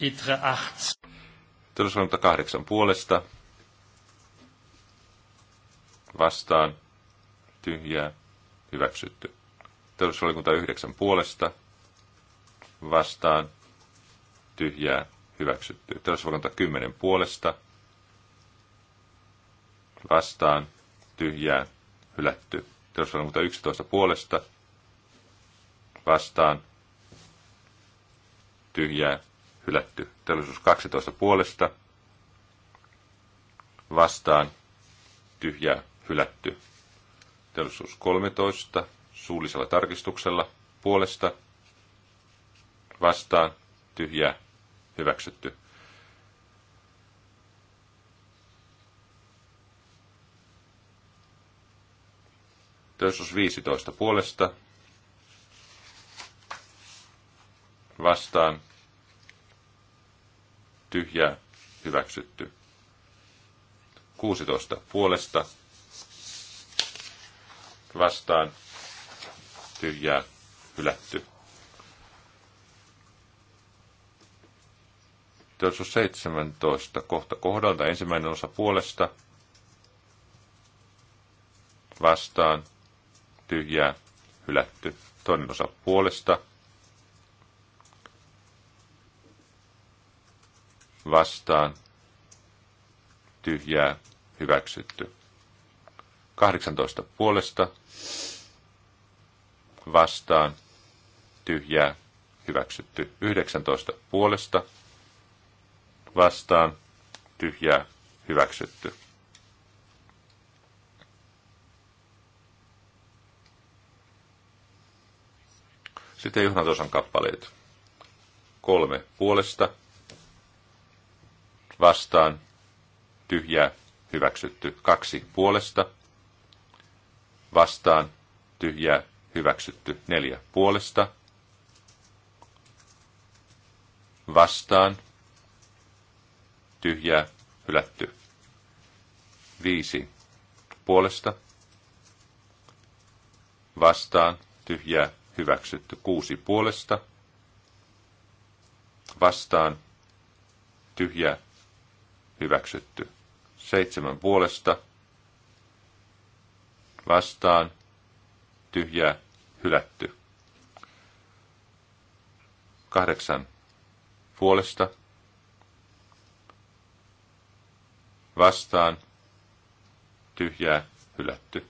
Itre 8. Itre 8. puolesta. Vastaan. Tyhjää. Hyväksytty. Teollisuusvaliokunta 9 puolesta. Vastaan. Tyhjää hyväksytty. Transvalonta 10 puolesta vastaan tyhjää hylätty. Transvalonta 11 puolesta vastaan tyhjää hylätty. Teollisuus 12 puolesta vastaan tyhjää hylätty. Teollisuus 13 suullisella tarkistuksella puolesta vastaan tyhjää hyväksytty. Teosuus 15 puolesta vastaan tyhjä hyväksytty. 16 puolesta vastaan tyhjää hylätty. Teollisuus 17 kohta kohdalta ensimmäinen osa puolesta vastaan tyhjää hylätty. Toinen osa puolesta vastaan tyhjää hyväksytty. 18 puolesta vastaan tyhjää hyväksytty. 19 puolesta vastaan tyhjää hyväksytty. Sitten Juhnatosan kappaleet. Kolme puolesta vastaan tyhjää hyväksytty. Kaksi puolesta vastaan tyhjää hyväksytty. Neljä puolesta vastaan tyhjää, hylätty. Viisi puolesta, vastaan, tyhjää, hyväksytty. Kuusi puolesta, vastaan, tyhjää, hyväksytty. Seitsemän puolesta, vastaan, tyhjää, hylätty. Kahdeksan puolesta, vastaan, tyhjää, hylätty.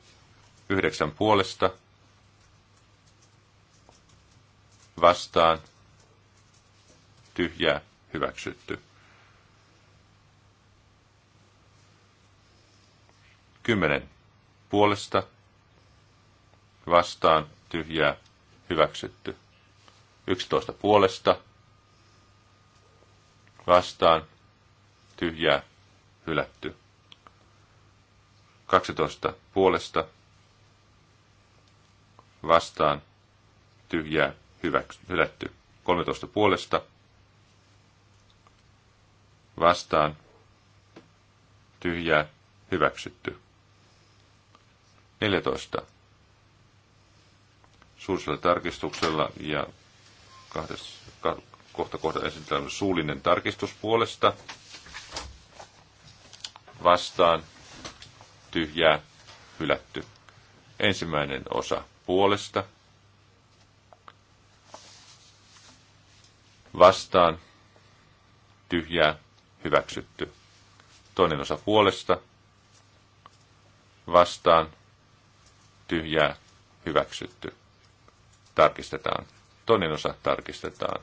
Yhdeksän puolesta, vastaan, tyhjää, hyväksytty. Kymmenen puolesta, vastaan, tyhjää, hyväksytty. Yksitoista puolesta, vastaan, tyhjää, hylätty. 12 puolesta vastaan tyhjää hyväks, hylätty. 13 puolesta vastaan tyhjää hyväksytty. 14. Suurisella tarkistuksella ja kahdessa, kohta kohta esitellään suullinen tarkistus puolesta vastaan, tyhjää, hylätty. Ensimmäinen osa puolesta, vastaan, tyhjää, hyväksytty. Toinen osa puolesta, vastaan, tyhjää, hyväksytty. Tarkistetaan. Toinen osa tarkistetaan.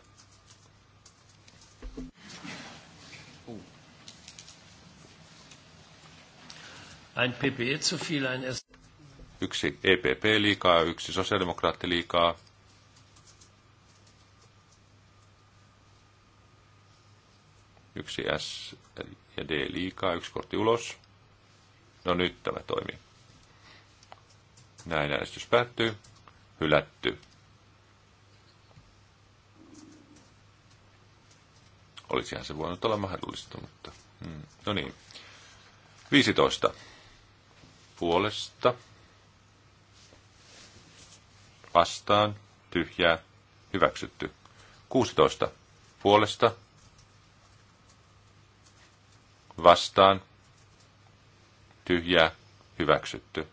Ein PPE zu viel, ein S yksi EPP liikaa, yksi sosiaalidemokraatti liikaa. Yksi S ja D liikaa, yksi kortti ulos. No nyt tämä toimii. Näin äänestys päättyy. Hylätty. Olisihan se voinut olla mahdollista, mutta... Hmm. No niin. 15 puolesta vastaan tyhjää hyväksytty. 16 puolesta vastaan tyhjää hyväksytty.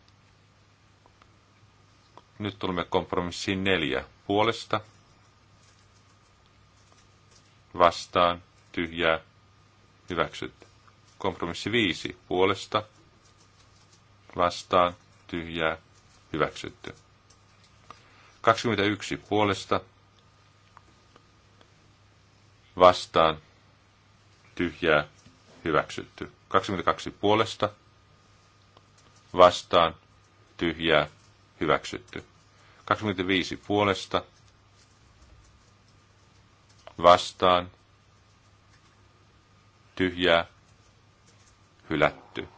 Nyt tulemme kompromissiin neljä puolesta vastaan tyhjää hyväksytty. Kompromissi viisi puolesta vastaan, tyhjää, hyväksytty. 21 puolesta, vastaan, tyhjää, hyväksytty. 22 puolesta, vastaan, tyhjää, hyväksytty. 25 puolesta, vastaan, tyhjää, hylätty.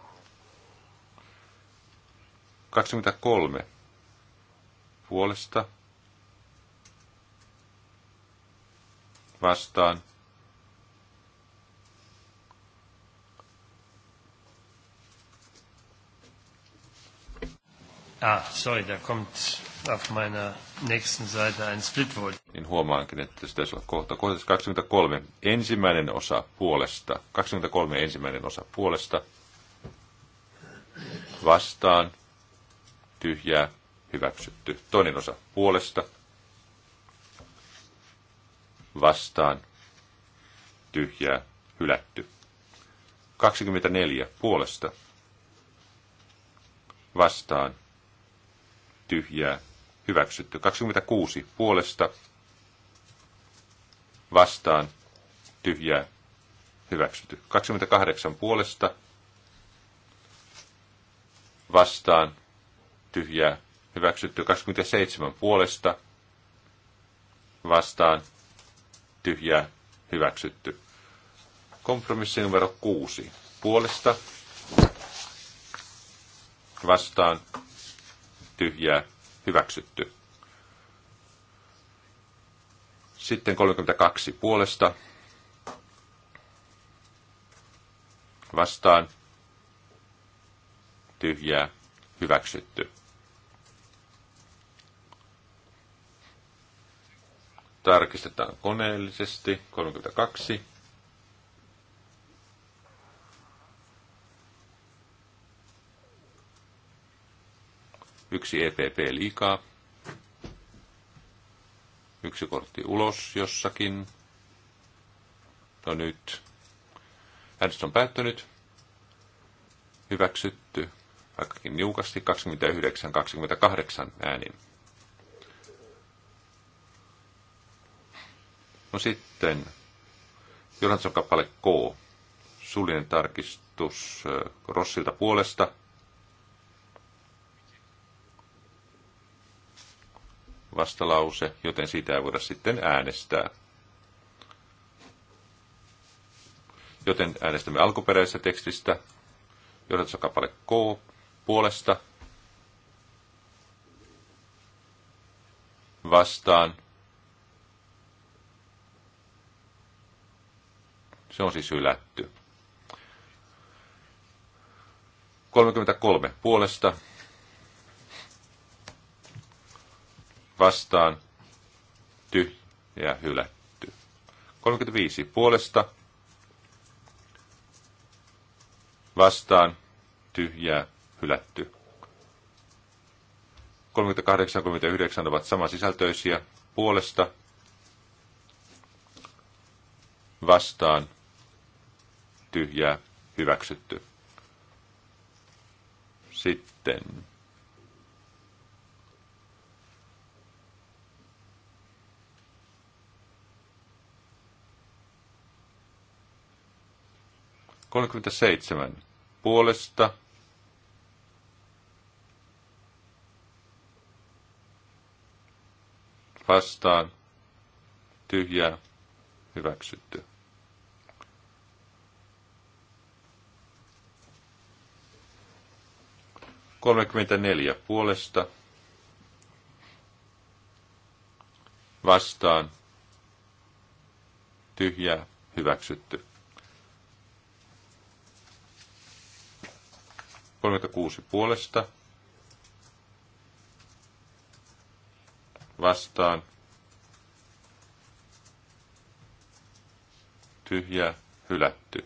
23 puolesta vastaan Ah, sorry, da kommt auf meiner nächsten Seite ein Splitvote. Niin huomaankin, että se taisi olla kohta. Kohta 23. Ensimmäinen osa puolesta. 23 ensimmäinen osa puolesta. Vastaan tyhjää, hyväksytty. Toinen osa puolesta, vastaan, tyhjää, hylätty. 24 puolesta, vastaan, tyhjää, hyväksytty. 26 puolesta, vastaan, tyhjää, hyväksytty. 28 puolesta, vastaan, tyhjää hyväksytty. 27 puolesta vastaan tyhjää hyväksytty. Kompromissi numero 6 puolesta vastaan tyhjää hyväksytty. Sitten 32 puolesta vastaan tyhjää hyväksytty. tarkistetaan koneellisesti. 32. Yksi EPP liikaa. Yksi kortti ulos jossakin. No nyt. Äänestys on päättynyt. Hyväksytty. Vaikkakin niukasti 29-28 äänin. No sitten Johansson kappale K. Suullinen tarkistus Rossilta puolesta. Vastalause, joten sitä ei voida sitten äänestää. Joten äänestämme alkuperäisestä tekstistä. Johansson kappale K puolesta. Vastaan Se on siis hylätty. 33 puolesta. Vastaan. Tyhjä hylätty. 35 puolesta. Vastaan. Tyhjä hylätty. 38 39 ovat samansisältöisiä puolesta vastaan tyhjää, hyväksytty. Sitten seitsemän puolesta vastaan tyhjää hyväksytty. 34 puolesta vastaan tyhjää hyväksytty. 36 puolesta vastaan tyhjä hylätty.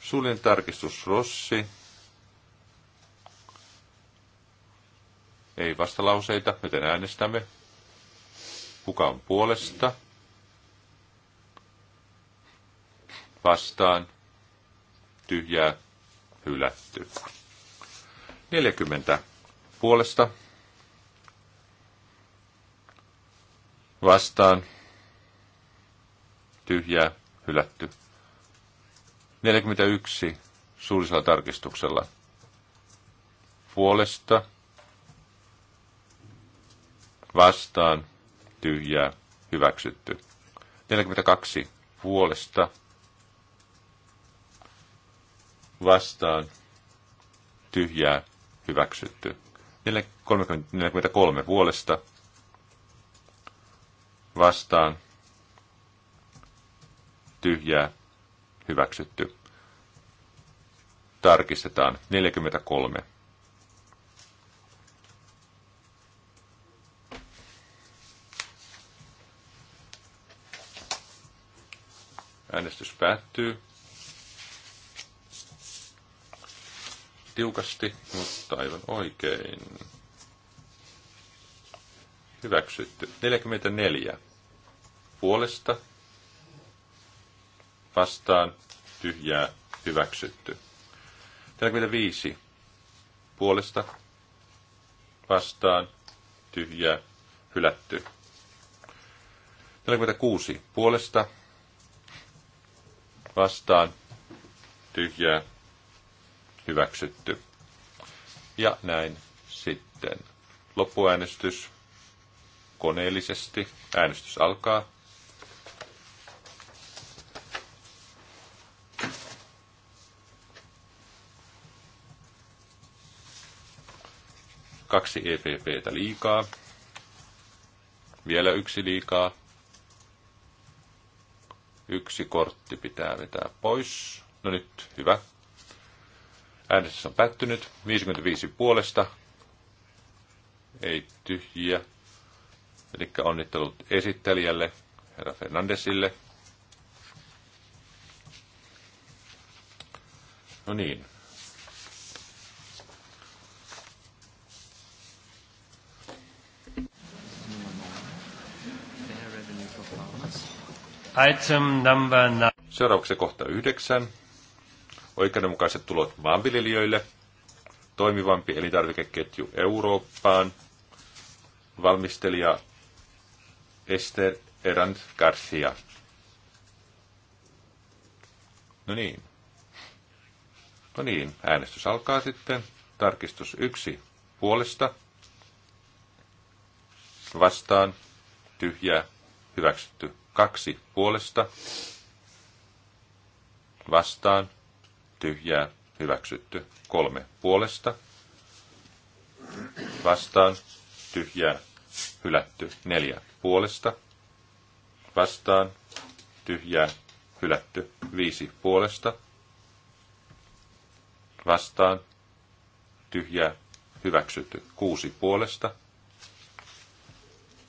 Suljen tarkistus Rossi Ei vastalauseita, joten äänestämme. Kuka on puolesta? Vastaan. Tyhjää. Hylätty. 40 puolesta. Vastaan. Tyhjää. Hylätty. 41 suullisella tarkistuksella. Puolesta vastaan, tyhjää, hyväksytty. 42 puolesta, vastaan, tyhjää, hyväksytty. 43 puolesta, vastaan, tyhjää, hyväksytty. Tarkistetaan 43. Äänestys päättyy. Tiukasti, mutta aivan oikein. Hyväksytty. 44. Puolesta. Vastaan. Tyhjää. Hyväksytty. 45. Puolesta. Vastaan. Tyhjää. Hylätty. 46. Puolesta vastaan tyhjää hyväksytty. Ja näin sitten loppuäänestys koneellisesti. Äänestys alkaa. Kaksi EPPtä liikaa. Vielä yksi liikaa. Yksi kortti pitää vetää pois. No nyt, hyvä. Äänestys on päättynyt. 55 puolesta. Ei tyhjiä. Eli onnittelut esittelijälle, herra Fernandesille. No niin. Item number nine. Seuraavaksi kohta yhdeksän. Oikeudenmukaiset tulot maanviljelijöille. Toimivampi elintarvikeketju Eurooppaan. Valmistelija Esther Erand Garcia. No niin. No niin, äänestys alkaa sitten. Tarkistus yksi puolesta. Vastaan. tyhjä Hyväksytty kaksi puolesta vastaan tyhjää hyväksytty. Kolme puolesta vastaan tyhjää hylätty. Neljä puolesta vastaan tyhjää hylätty. Viisi puolesta vastaan tyhjää hyväksytty. Kuusi puolesta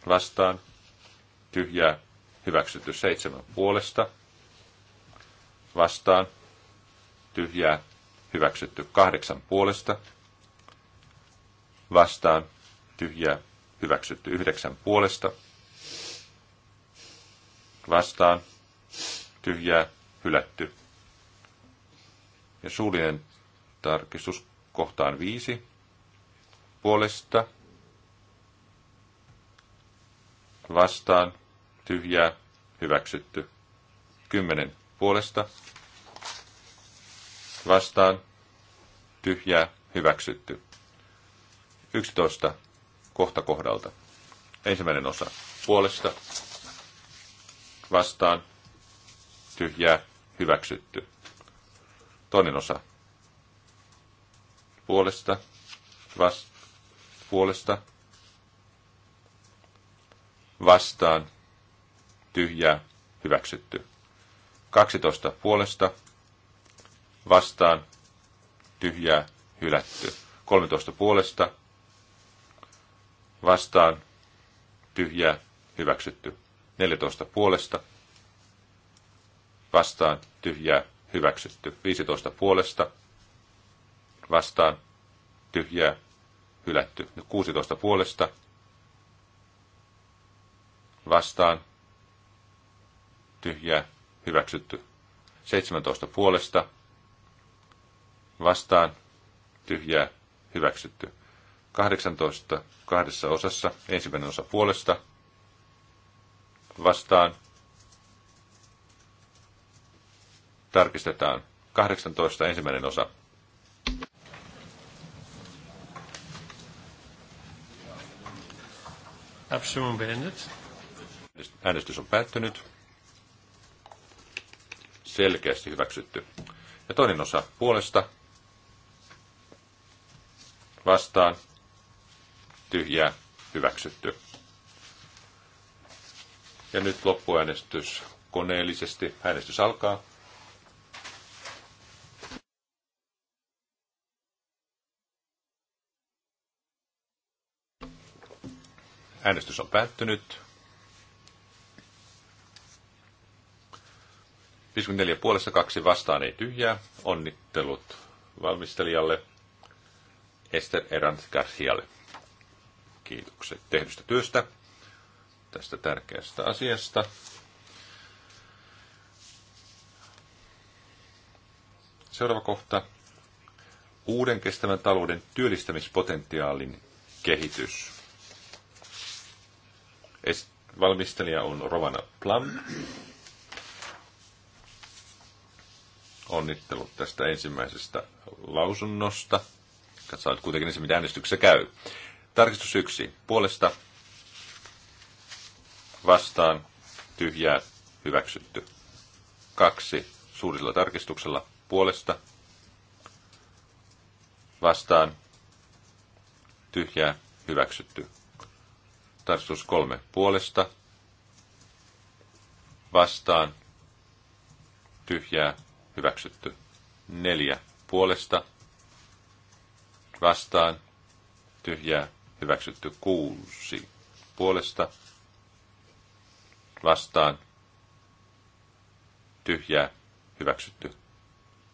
vastaan tyhjää hyväksytty seitsemän puolesta, vastaan, tyhjää, hyväksytty kahdeksan puolesta, vastaan, tyhjää, hyväksytty yhdeksän puolesta, vastaan, tyhjää, hylätty. Ja suullinen tarkistus kohtaan viisi puolesta, vastaan, tyhjää, hyväksytty. kymmenen puolesta, vastaan, tyhjää, hyväksytty. yksitoista kohta kohdalta. Ensimmäinen osa puolesta, vastaan, tyhjää, hyväksytty. Toinen osa puolesta, vast puolesta, vastaan, tyhjää, hyväksytty. 12 puolesta, vastaan, tyhjää, hylätty. 13 puolesta, vastaan, tyhjää, hyväksytty. 14 puolesta, vastaan, tyhjää, hyväksytty. 15 puolesta, vastaan, tyhjää, hylätty. 16 puolesta, vastaan, ja hyväksytty. 17 puolesta, vastaan, tyhjää, hyväksytty. 18 kahdessa osassa, ensimmäinen osa puolesta, vastaan, tarkistetaan, 18 ensimmäinen osa. Äänestys on päättynyt selkeästi hyväksytty. Ja toinen osa puolesta vastaan tyhjää hyväksytty. Ja nyt loppuäänestys koneellisesti. Äänestys alkaa. Äänestys on päättynyt. 54 puolessa kaksi vastaan ei tyhjää. Onnittelut valmistelijalle Esther Erant Garcialle. Kiitokset tehdystä työstä tästä tärkeästä asiasta. Seuraava kohta. Uuden kestävän talouden työllistämispotentiaalin kehitys. Valmistelija on Rovana Plum. Onnittelut tästä ensimmäisestä lausunnosta. Katsotaan nyt kuitenkin se, mitä äänestyksessä käy. Tarkistus yksi. Puolesta vastaan tyhjää hyväksytty. Kaksi. Suurisella tarkistuksella puolesta vastaan tyhjää hyväksytty. Tarkistus kolme. Puolesta vastaan tyhjää hyväksytty. Neljä puolesta vastaan tyhjää hyväksytty. Kuusi puolesta vastaan tyhjää hyväksytty.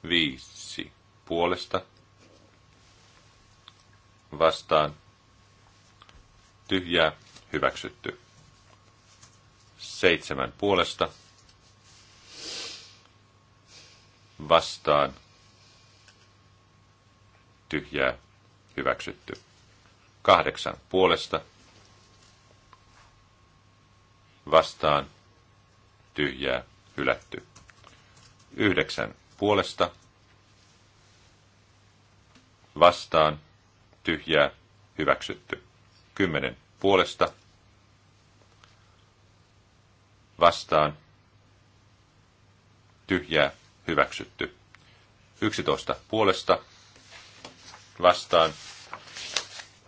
Viisi puolesta vastaan tyhjää hyväksytty. Seitsemän puolesta vastaan tyhjää hyväksytty. Kahdeksan puolesta vastaan tyhjää hylätty. Yhdeksän puolesta vastaan tyhjää hyväksytty. Kymmenen puolesta vastaan tyhjää hyväksytty. 11 puolesta vastaan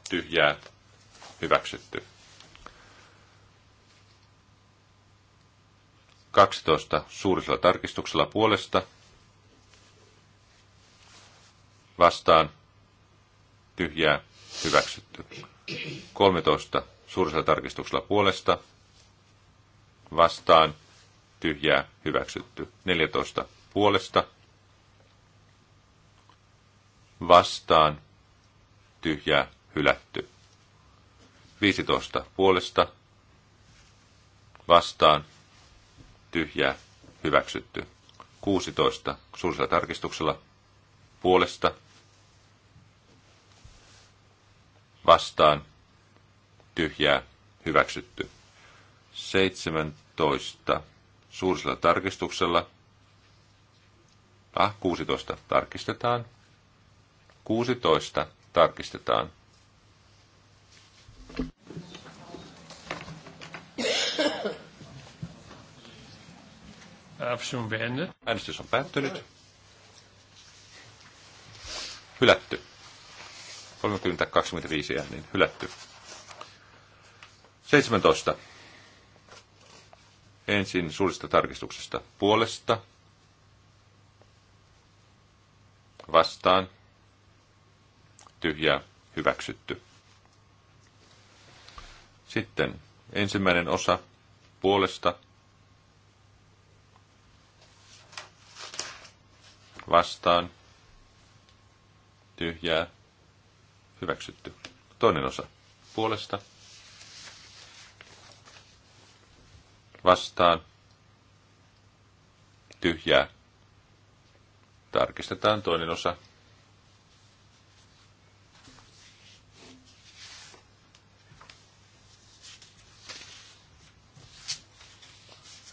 tyhjää hyväksytty. 12 suurisella tarkistuksella puolesta vastaan tyhjää hyväksytty. 13 suurisella tarkistuksella puolesta vastaan tyhjää hyväksytty. 14 puolesta vastaan tyhjä hylätty. 15 puolesta vastaan tyhjä hyväksytty. 16 suurella tarkistuksella puolesta vastaan tyhjää hyväksytty. 17 suurella tarkistuksella Ah, 16 tarkistetaan. 16 tarkistetaan. Äänestys on päättynyt. Hylätty. 30-25 ääniin. Hylätty. 17. Ensin suurista tarkistuksesta puolesta vastaan, tyhjä hyväksytty. Sitten ensimmäinen osa puolesta vastaan, tyhjää, hyväksytty. Toinen osa puolesta vastaan, tyhjää, Tarkistetaan toinen osa.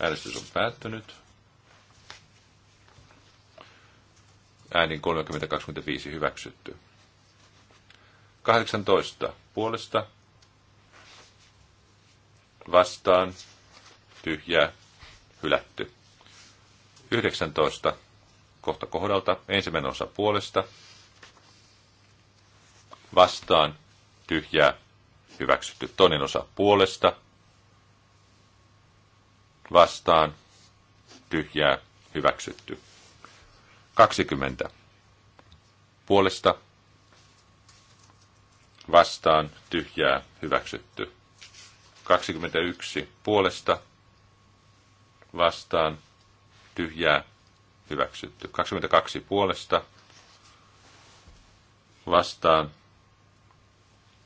Äänestys on päättynyt. Äänin 30-25 hyväksytty. 18 puolesta vastaan tyhjää hylätty. 19 kohta kohdalta. Ensimmäinen osa puolesta. Vastaan. Tyhjää. Hyväksytty. Toinen osa puolesta. Vastaan. Tyhjää. Hyväksytty. 20. Puolesta. Vastaan. Tyhjää. Hyväksytty. 21. Puolesta. Vastaan. Tyhjää hyväksytty. 22 puolesta vastaan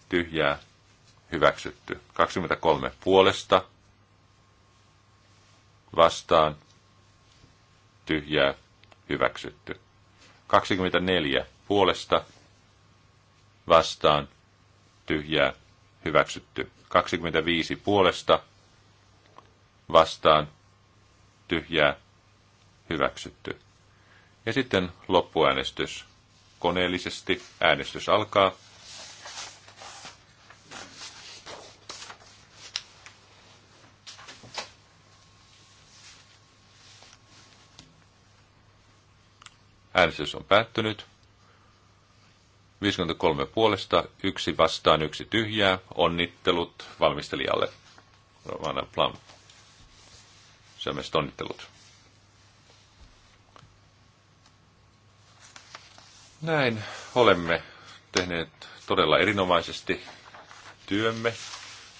tyhjää hyväksytty. 23 puolesta vastaan tyhjää hyväksytty. 24 puolesta vastaan tyhjää hyväksytty. 25 puolesta vastaan tyhjää hyväksytty. Ja sitten loppuäänestys. Koneellisesti äänestys alkaa. Äänestys on päättynyt. 53 puolesta, yksi vastaan, yksi tyhjää. Onnittelut valmistelijalle. Romana Plum. myös onnittelut. Näin olemme tehneet todella erinomaisesti työmme.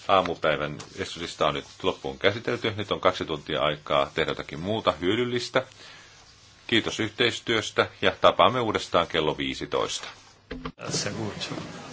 Aamupäivän estysistä on nyt loppuun käsitelty. Nyt on kaksi tuntia aikaa tehdä jotakin muuta hyödyllistä. Kiitos yhteistyöstä ja tapaamme uudestaan kello 15. That's